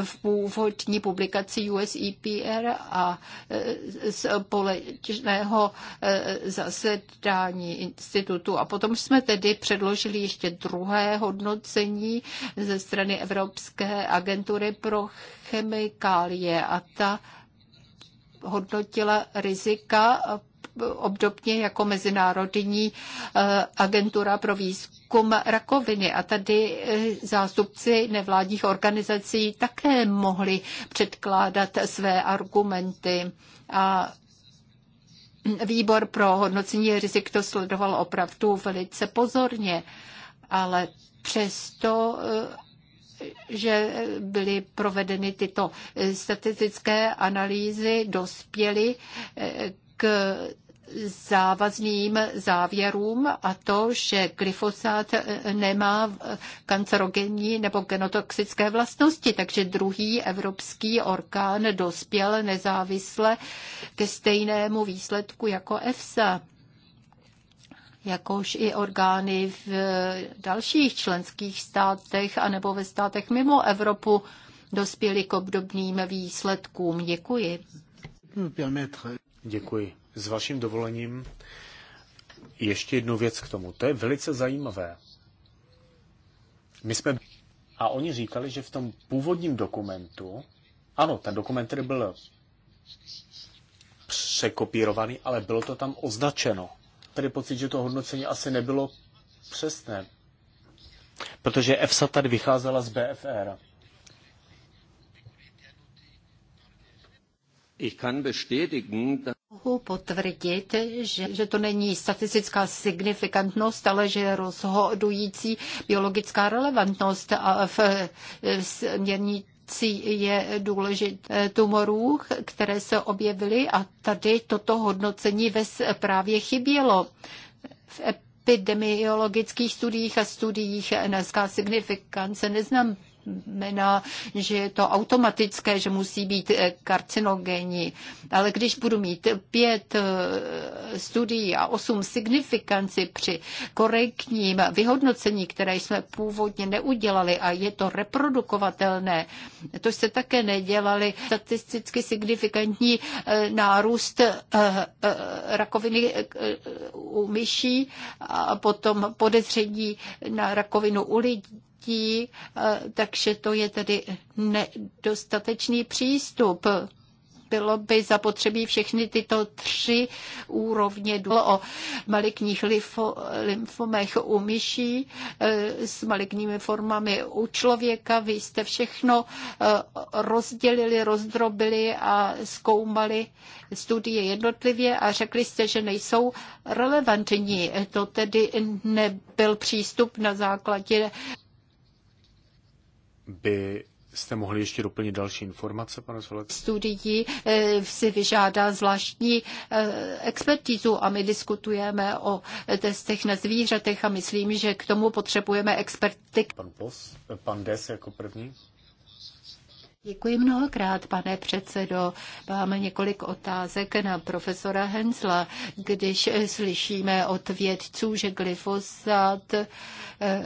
v původní publikaci US EPR a e, společného e, zasedání institutu. A potom jsme tedy předložili ještě druhé hodnocení ze strany Evropské agentury pro chemikálie a ta hodnotila rizika obdobně jako Mezinárodní eh, agentura pro výzkum rakoviny. A tady eh, zástupci nevládních organizací také mohli předkládat své argumenty. A výbor pro hodnocení rizik to sledoval opravdu velice pozorně, ale přesto eh, že byly provedeny tyto statistické analýzy, dospěly k závazným závěrům a to, že glyfosát nemá kancerogenní nebo genotoxické vlastnosti, takže druhý evropský orgán dospěl nezávisle ke stejnému výsledku jako EFSA jakož i orgány v dalších členských státech anebo ve státech mimo Evropu dospěly k obdobným výsledkům. Děkuji. Děkuji. S vaším dovolením ještě jednu věc k tomu. To je velice zajímavé. My jsme... A oni říkali, že v tom původním dokumentu, ano, ten dokument, tedy byl překopírovaný, ale bylo to tam označeno. Tady pocit, že to hodnocení asi nebylo přesné, protože EFSA tady vycházela z BFR. Mohu potvrdit, že, že to není statistická signifikantnost, ale že je rozhodující biologická relevantnost a v, v směrní je důležit tumorů, které se objevily a tady toto hodnocení ve právě chybělo. V epidemiologických studiích a studiích NSK signifikance neznám znamená, že je to automatické, že musí být eh, karcinogenní. Ale když budu mít pět eh, studií a osm signifikanci při korektním vyhodnocení, které jsme původně neudělali a je to reprodukovatelné, to se také nedělali, statisticky signifikantní eh, nárůst rakoviny u myší a potom podezření na rakovinu u lidí dětí, eh, takže to je tedy nedostatečný přístup. Bylo by zapotřebí všechny tyto tři úrovně o maligních lymfomech u myší eh, s malignými formami u člověka. Vy jste všechno eh, rozdělili, rozdrobili a zkoumali studie jednotlivě a řekli jste, že nejsou relevantní. To tedy nebyl přístup na základě by jste mohli ještě doplnit další informace, pane Solec? Studií eh, si vyžádá zvláštní eh, expertizu a my diskutujeme o testech na zvířatech a myslím, že k tomu potřebujeme experty. Pan Pos, eh, pan Des jako první. Děkuji mnohokrát, pane předsedo. Máme několik otázek na profesora Hensla. Když slyšíme od vědců, že glyfosát eh,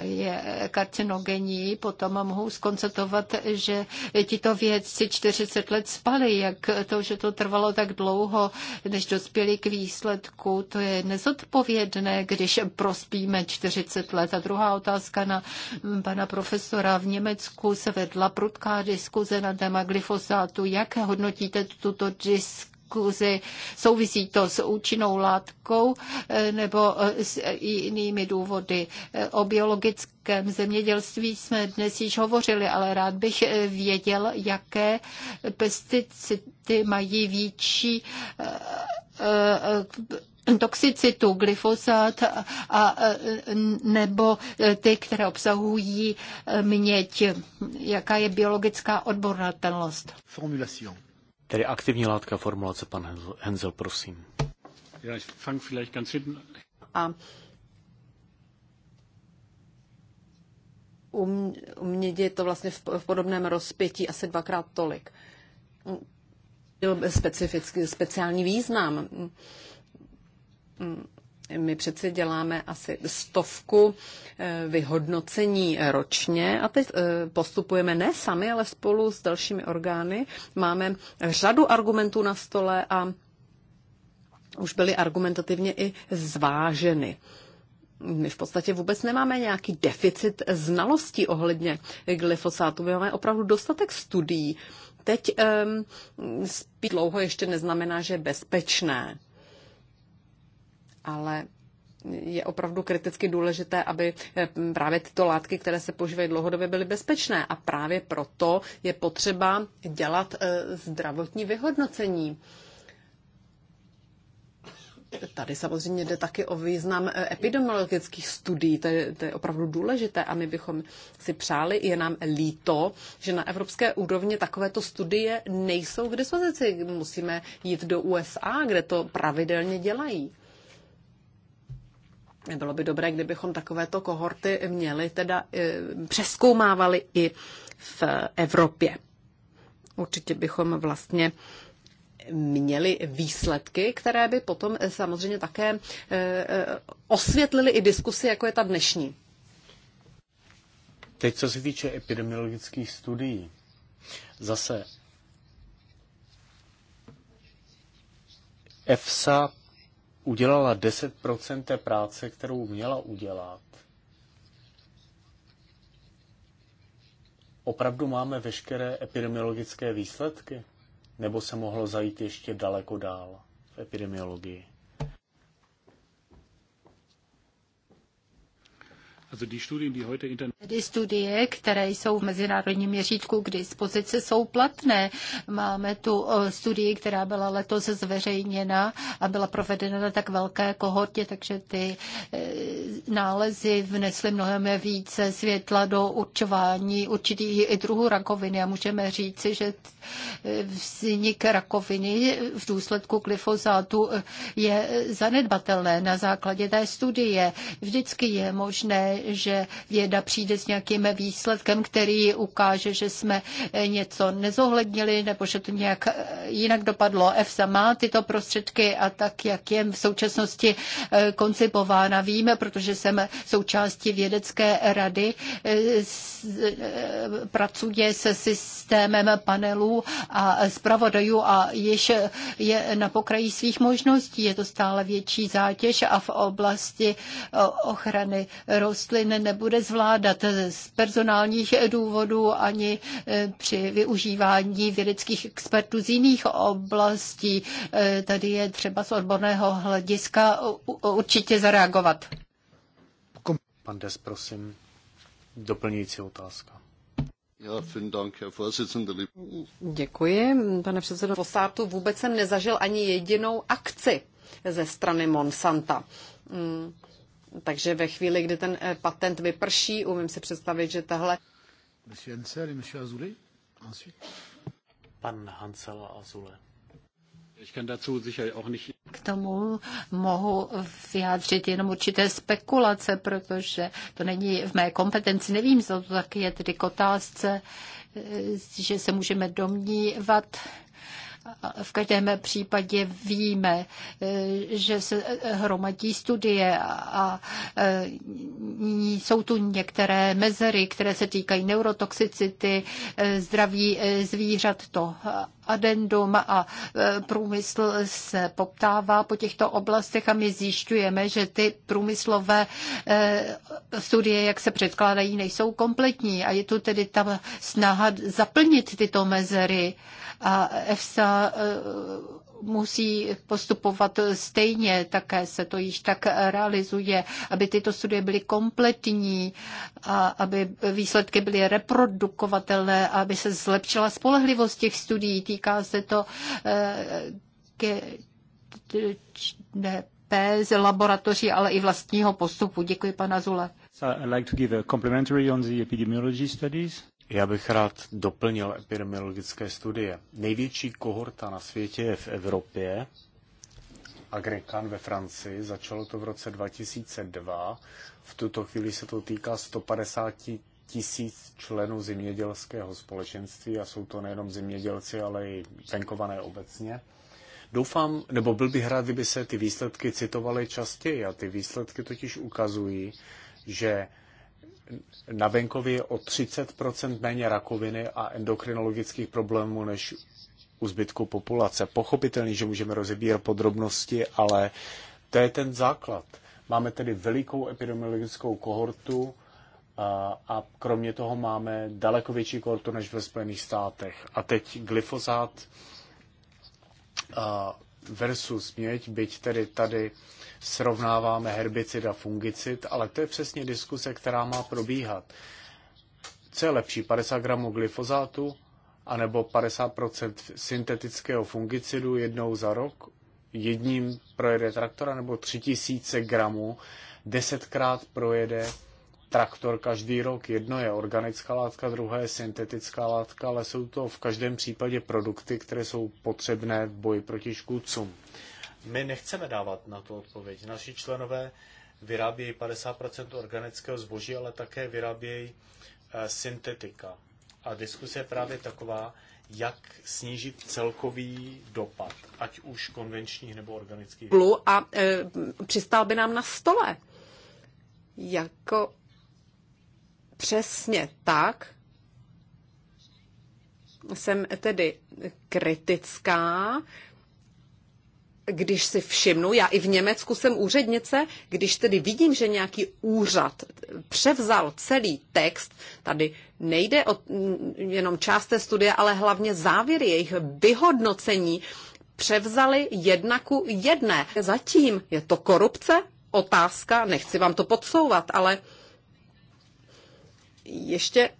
je karcinogenní, potom mohou skoncentovat, že tito vědci 40 let spali. Jak to, že to trvalo tak dlouho, než dospěli k výsledku, to je nezodpovědné, když prospíme 40 let. A druhá otázka na pana profesora. V Německu se vedla prudká diskuze na téma glyfosátu. Jak hodnotíte tuto disk? diskuzi. Souvisí to s účinnou látkou eh, nebo eh, s jinými důvody. Eh, o biologickém zemědělství jsme dnes již hovořili, ale rád bych věděl, jaké pesticidy mají větší toxicitu glyfosát a, a e, nebo e, ty, které obsahují e, měď. Jaká je biologická odbornatelnost? Formulation. Tedy aktivní látka formulace, pan Henzel, prosím. Já fang vielleicht ganz hinten. A u mědi je to vlastně v, podobném rozpětí asi dvakrát tolik. Byl specifický, speciální význam. Mm, my přece děláme asi stovku eh, vyhodnocení ročně a teď eh, postupujeme ne sami, ale spolu s dalšími orgány. Máme řadu argumentů na stole a už byly argumentativně i zváženy. My v podstatě vůbec nemáme nějaký deficit znalostí ohledně glyfosátu. My máme opravdu dostatek studií. Teď um, spíš dlouho ještě neznamená, že je bezpečné ale je opravdu kriticky důležité, aby eh, právě tyto látky, které se používají dlouhodobě, byly bezpečné. A právě proto je potřeba dělat eh, zdravotní vyhodnocení. Tady samozřejmě jde taky o význam eh, epidemiologických studií, to je, to je opravdu důležité a my bychom si přáli, je nám líto, že na evropské úrovni takovéto studie nejsou k dispozici. Musíme jít do USA, kde to pravidelně dělají. Bylo by dobré, kdybychom takovéto kohorty měli, teda e, přeskoumávali i v Evropě. Určitě bychom vlastně měli výsledky, které by potom e, samozřejmě také e, osvětlily i diskusy, jako je ta dnešní. Teď, co se týče epidemiologických studií, zase EFSA udělala 10% té práce, kterou měla udělat. Opravdu máme veškeré epidemiologické výsledky? Nebo se mohlo zajít ještě daleko dál v epidemiologii? Tedy studie, které jsou v mezinárodním měřítku k dispozici, jsou platné. Máme tu eh, studii, která byla letos zveřejněna a byla provedena na tak velké kohortě, takže ty eh, nálezy vnesly mnohem více světla do určování určitých i druhů rakoviny a můžeme říci, že eh, vznik rakoviny v důsledku glyfozátu je zanedbatelné na základě té studie. Vždycky je možné že věda přijde s nějakým výsledkem, který ukáže, že jsme eh, něco nezohlednili nebo že to nějak eh, jinak dopadlo. EFSA má tyto prostředky a tak, jak je v současnosti eh, koncipována, víme, protože jsem součástí vědecké rady, pracuje se systémem panelů a zpravodajů a již je na pokraji svých možností. Je to stále větší zátěž a v oblasti ochrany rostlin jestli nebude zvládat z personálních důvodů ani eh, při využívání vědeckých expertů z jiných oblastí. Eh, tady je třeba z odborného hlediska určitě zareagovat. Pan Des, prosím, doplňující otázka. Děkuji, pane předsedo. Po státu vůbec jsem nezažil ani jedinou akci ze strany Monsanta. Mm. Takže ve chvíli, kdy ten eh, patent vyprší, umím si představit, že tahle... Pan Hansel a Azule. K tomu mohu vyjádřit jenom určité spekulace, protože to není v mé kompetenci. Nevím, co to taky je tedy k otázce, eh, že se můžeme domnívat, v každém případě víme, eh, že se eh, hromadí studie a eh, jsou tu některé mezery, které se týkají neurotoxicity, zdraví zvířat, to adendum a průmysl se poptává po těchto oblastech a my zjišťujeme, že ty průmyslové studie, jak se předkládají, nejsou kompletní a je tu tedy ta snaha zaplnit tyto mezery a EFSA eh, musí postupovat stejně, také se to již tak realizuje, aby tyto studie byly kompletní, a aby výsledky byly reprodukovatelné, a aby se zlepšila spolehlivost těch studií. Týká se to GDP eh, z laboratoří, ale i vlastního postupu. Děkuji, pana Zule. So I'd like to give a complimentary on the epidemiology studies. Já bych rád doplnil epidemiologické studie. Největší kohorta na světě je v Evropě, Agrekan ve Francii. Začalo to v roce 2002. V tuto chvíli se to týká 150 tisíc členů zemědělského společenství a jsou to nejenom zemědělci, ale i venkované obecně. Doufám, nebo byl bych rád, kdyby se ty výsledky citovaly častěji a ty výsledky totiž ukazují, že na venkově o 30% méně rakoviny a endokrinologických problémů než u zbytku populace. Pochopitelný, že můžeme rozebírat podrobnosti, ale to je ten základ. Máme tedy velikou epidemiologickou kohortu a, a kromě toho máme daleko větší kohortu než ve Spojených státech. A teď glyfozát versus měď, byť tedy tady srovnáváme herbicid a fungicid, ale to je přesně diskuse, která má probíhat. Co je lepší, 50 gramů glyfozátu anebo 50 syntetického fungicidu jednou za rok, jedním projede traktora, nebo 3000 gramů, desetkrát projede traktor každý rok. Jedno je organická látka, druhé je syntetická látka, ale jsou to v každém případě produkty, které jsou potřebné v boji proti škůdcům. My nechceme dávat na to odpověď. Naši členové vyrábějí 50% organického zboží, ale také vyrábějí eh, syntetika. A diskuse je právě taková, jak snížit celkový dopad, ať už konvenčních nebo organických. A e, přistál by nám na stole. Jako přesně tak jsem tedy kritická když si všimnu, já i v Německu jsem úřednice, když tedy vidím, že nějaký úřad převzal celý text, tady nejde o mm, jenom část té studie, ale hlavně závěry jejich vyhodnocení, převzali jedna ku jedné. Zatím je to korupce, otázka, nechci vám to podsouvat, ale ještě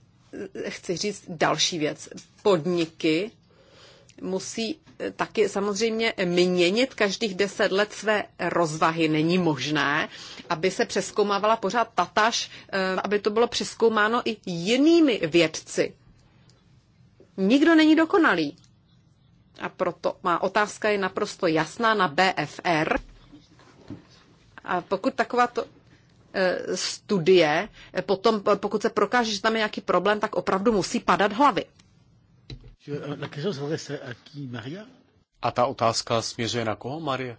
eh, chci říct další věc. Podniky musí eh, taky samozřejmě měnit každých deset let své rozvahy. Není možné, aby se přeskoumávala pořád tataž, eh, aby to bylo přeskoumáno i jinými vědci. Nikdo není dokonalý. A proto má otázka je naprosto jasná na BFR. A pokud takováto eh, studie, potom pokud se prokáže, že tam je nějaký problém, tak opravdu musí padat hlavy. Eh, a ta otázka směřuje na koho, Marie?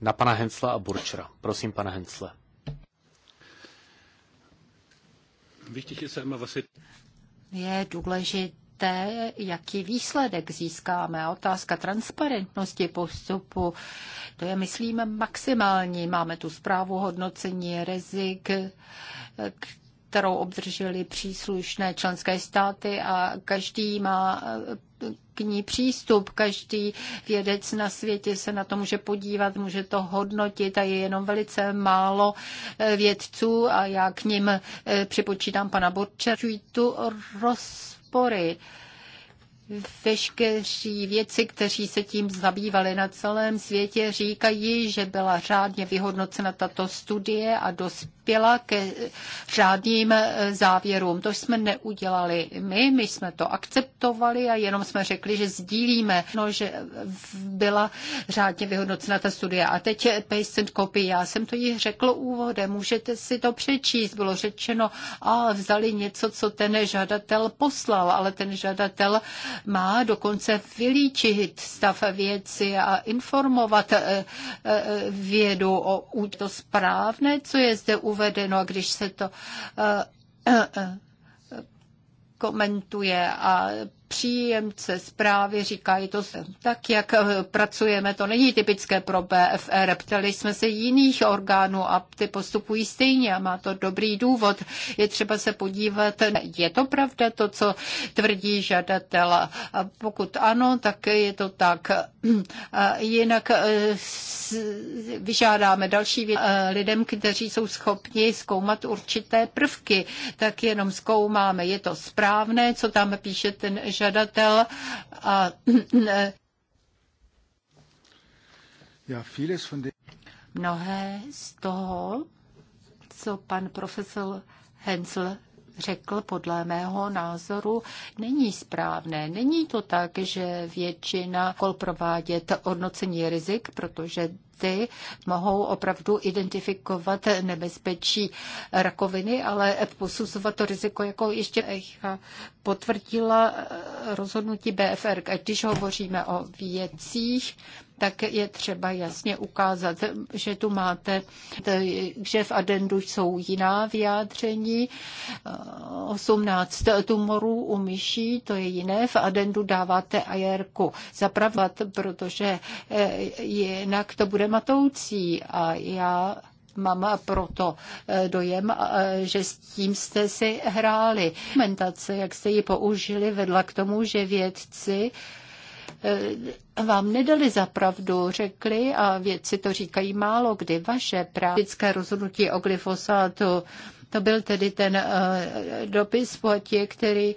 Na pana Hensla a Burčera. Prosím, pana Hensle. Je důležité, jaký výsledek získáme. Otázka transparentnosti postupu, to je, myslím, maximální. Máme tu zprávu hodnocení rizik, kterou obdrželi příslušné členské státy a každý má eh, k ní přístup. Každý vědec na světě se na to může podívat, může to hodnotit a je jenom velice málo eh, vědců a já k nim eh, připočítám pana Borča. tu rozpory veškeří věci, kteří se tím zabývali na celém světě, říkají, že byla řádně vyhodnocena tato studie a dospěla ke řádným eh, závěrům. To jsme neudělali my, my jsme to akceptovali a jenom jsme řekli, že sdílíme, no, že byla řádně vyhodnocena ta studie. A teď eh, paste and copy, já jsem to jí řekl úvodem, můžete si to přečíst. Bylo řečeno, a vzali něco, co ten žadatel poslal, ale ten žadatel má dokonce vylíčit stav věci a informovat eh, eh, vědu o to správné, co je zde uvedeno, když se to eh, komentuje a příjemce zprávy, říkají to Tak, jak eh, pracujeme, to není typické pro BFR. Ptali jsme se jiných orgánů a ty postupují stejně a má to dobrý důvod. Je třeba se podívat, je to pravda to, co tvrdí žadatel. A pokud ano, tak je to tak. A jinak eh, vyžádáme další věc eh, lidem, kteří jsou schopni zkoumat určité prvky, tak jenom zkoumáme, je to správné, co tam píše ten žadatel a Mnohé z toho, co pan profesor Hensel řekl, podle mého názoru, není správné. Není to tak, že většina kol provádět odnocení rizik, protože testy mohou opravdu identifikovat nebezpečí rakoviny, ale posuzovat to riziko jako ještě potvrdila eh, rozhodnutí BFR. Když hovoříme o věcích, tak je třeba jasně ukázat, že tu máte, že v adendu jsou jiná vyjádření. 18 tumorů u myší, to je jiné. V adendu dáváte ajerku zapravat, protože eh, jinak to bude matoucí. A já mám proto eh, dojem, eh, že s tím jste si hráli. Komentace, jak jste ji použili, vedla k tomu, že vědci Eh, vám nedali za pravdu, řekli, a vědci to říkají málo kdy, vaše praktické rozhodnutí o glyfosátu to byl tedy ten eh, dopis Poetě, který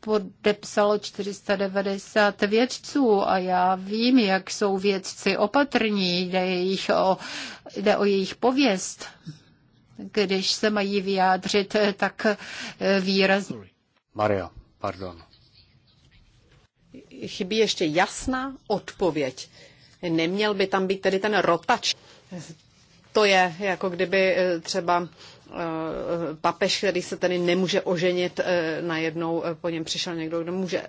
podepsalo 490 vědců a já vím, jak jsou vědci opatrní, jde, jejich o, jde o jejich pověst, když se mají vyjádřit eh, tak výrazně. Maria, pardon chybí ještě jasná odpověď. Neměl by tam být tedy ten rotač. To je jako kdyby eh, třeba eh, papež, který se tedy nemůže oženit, eh, najednou po něm přišel někdo, kdo může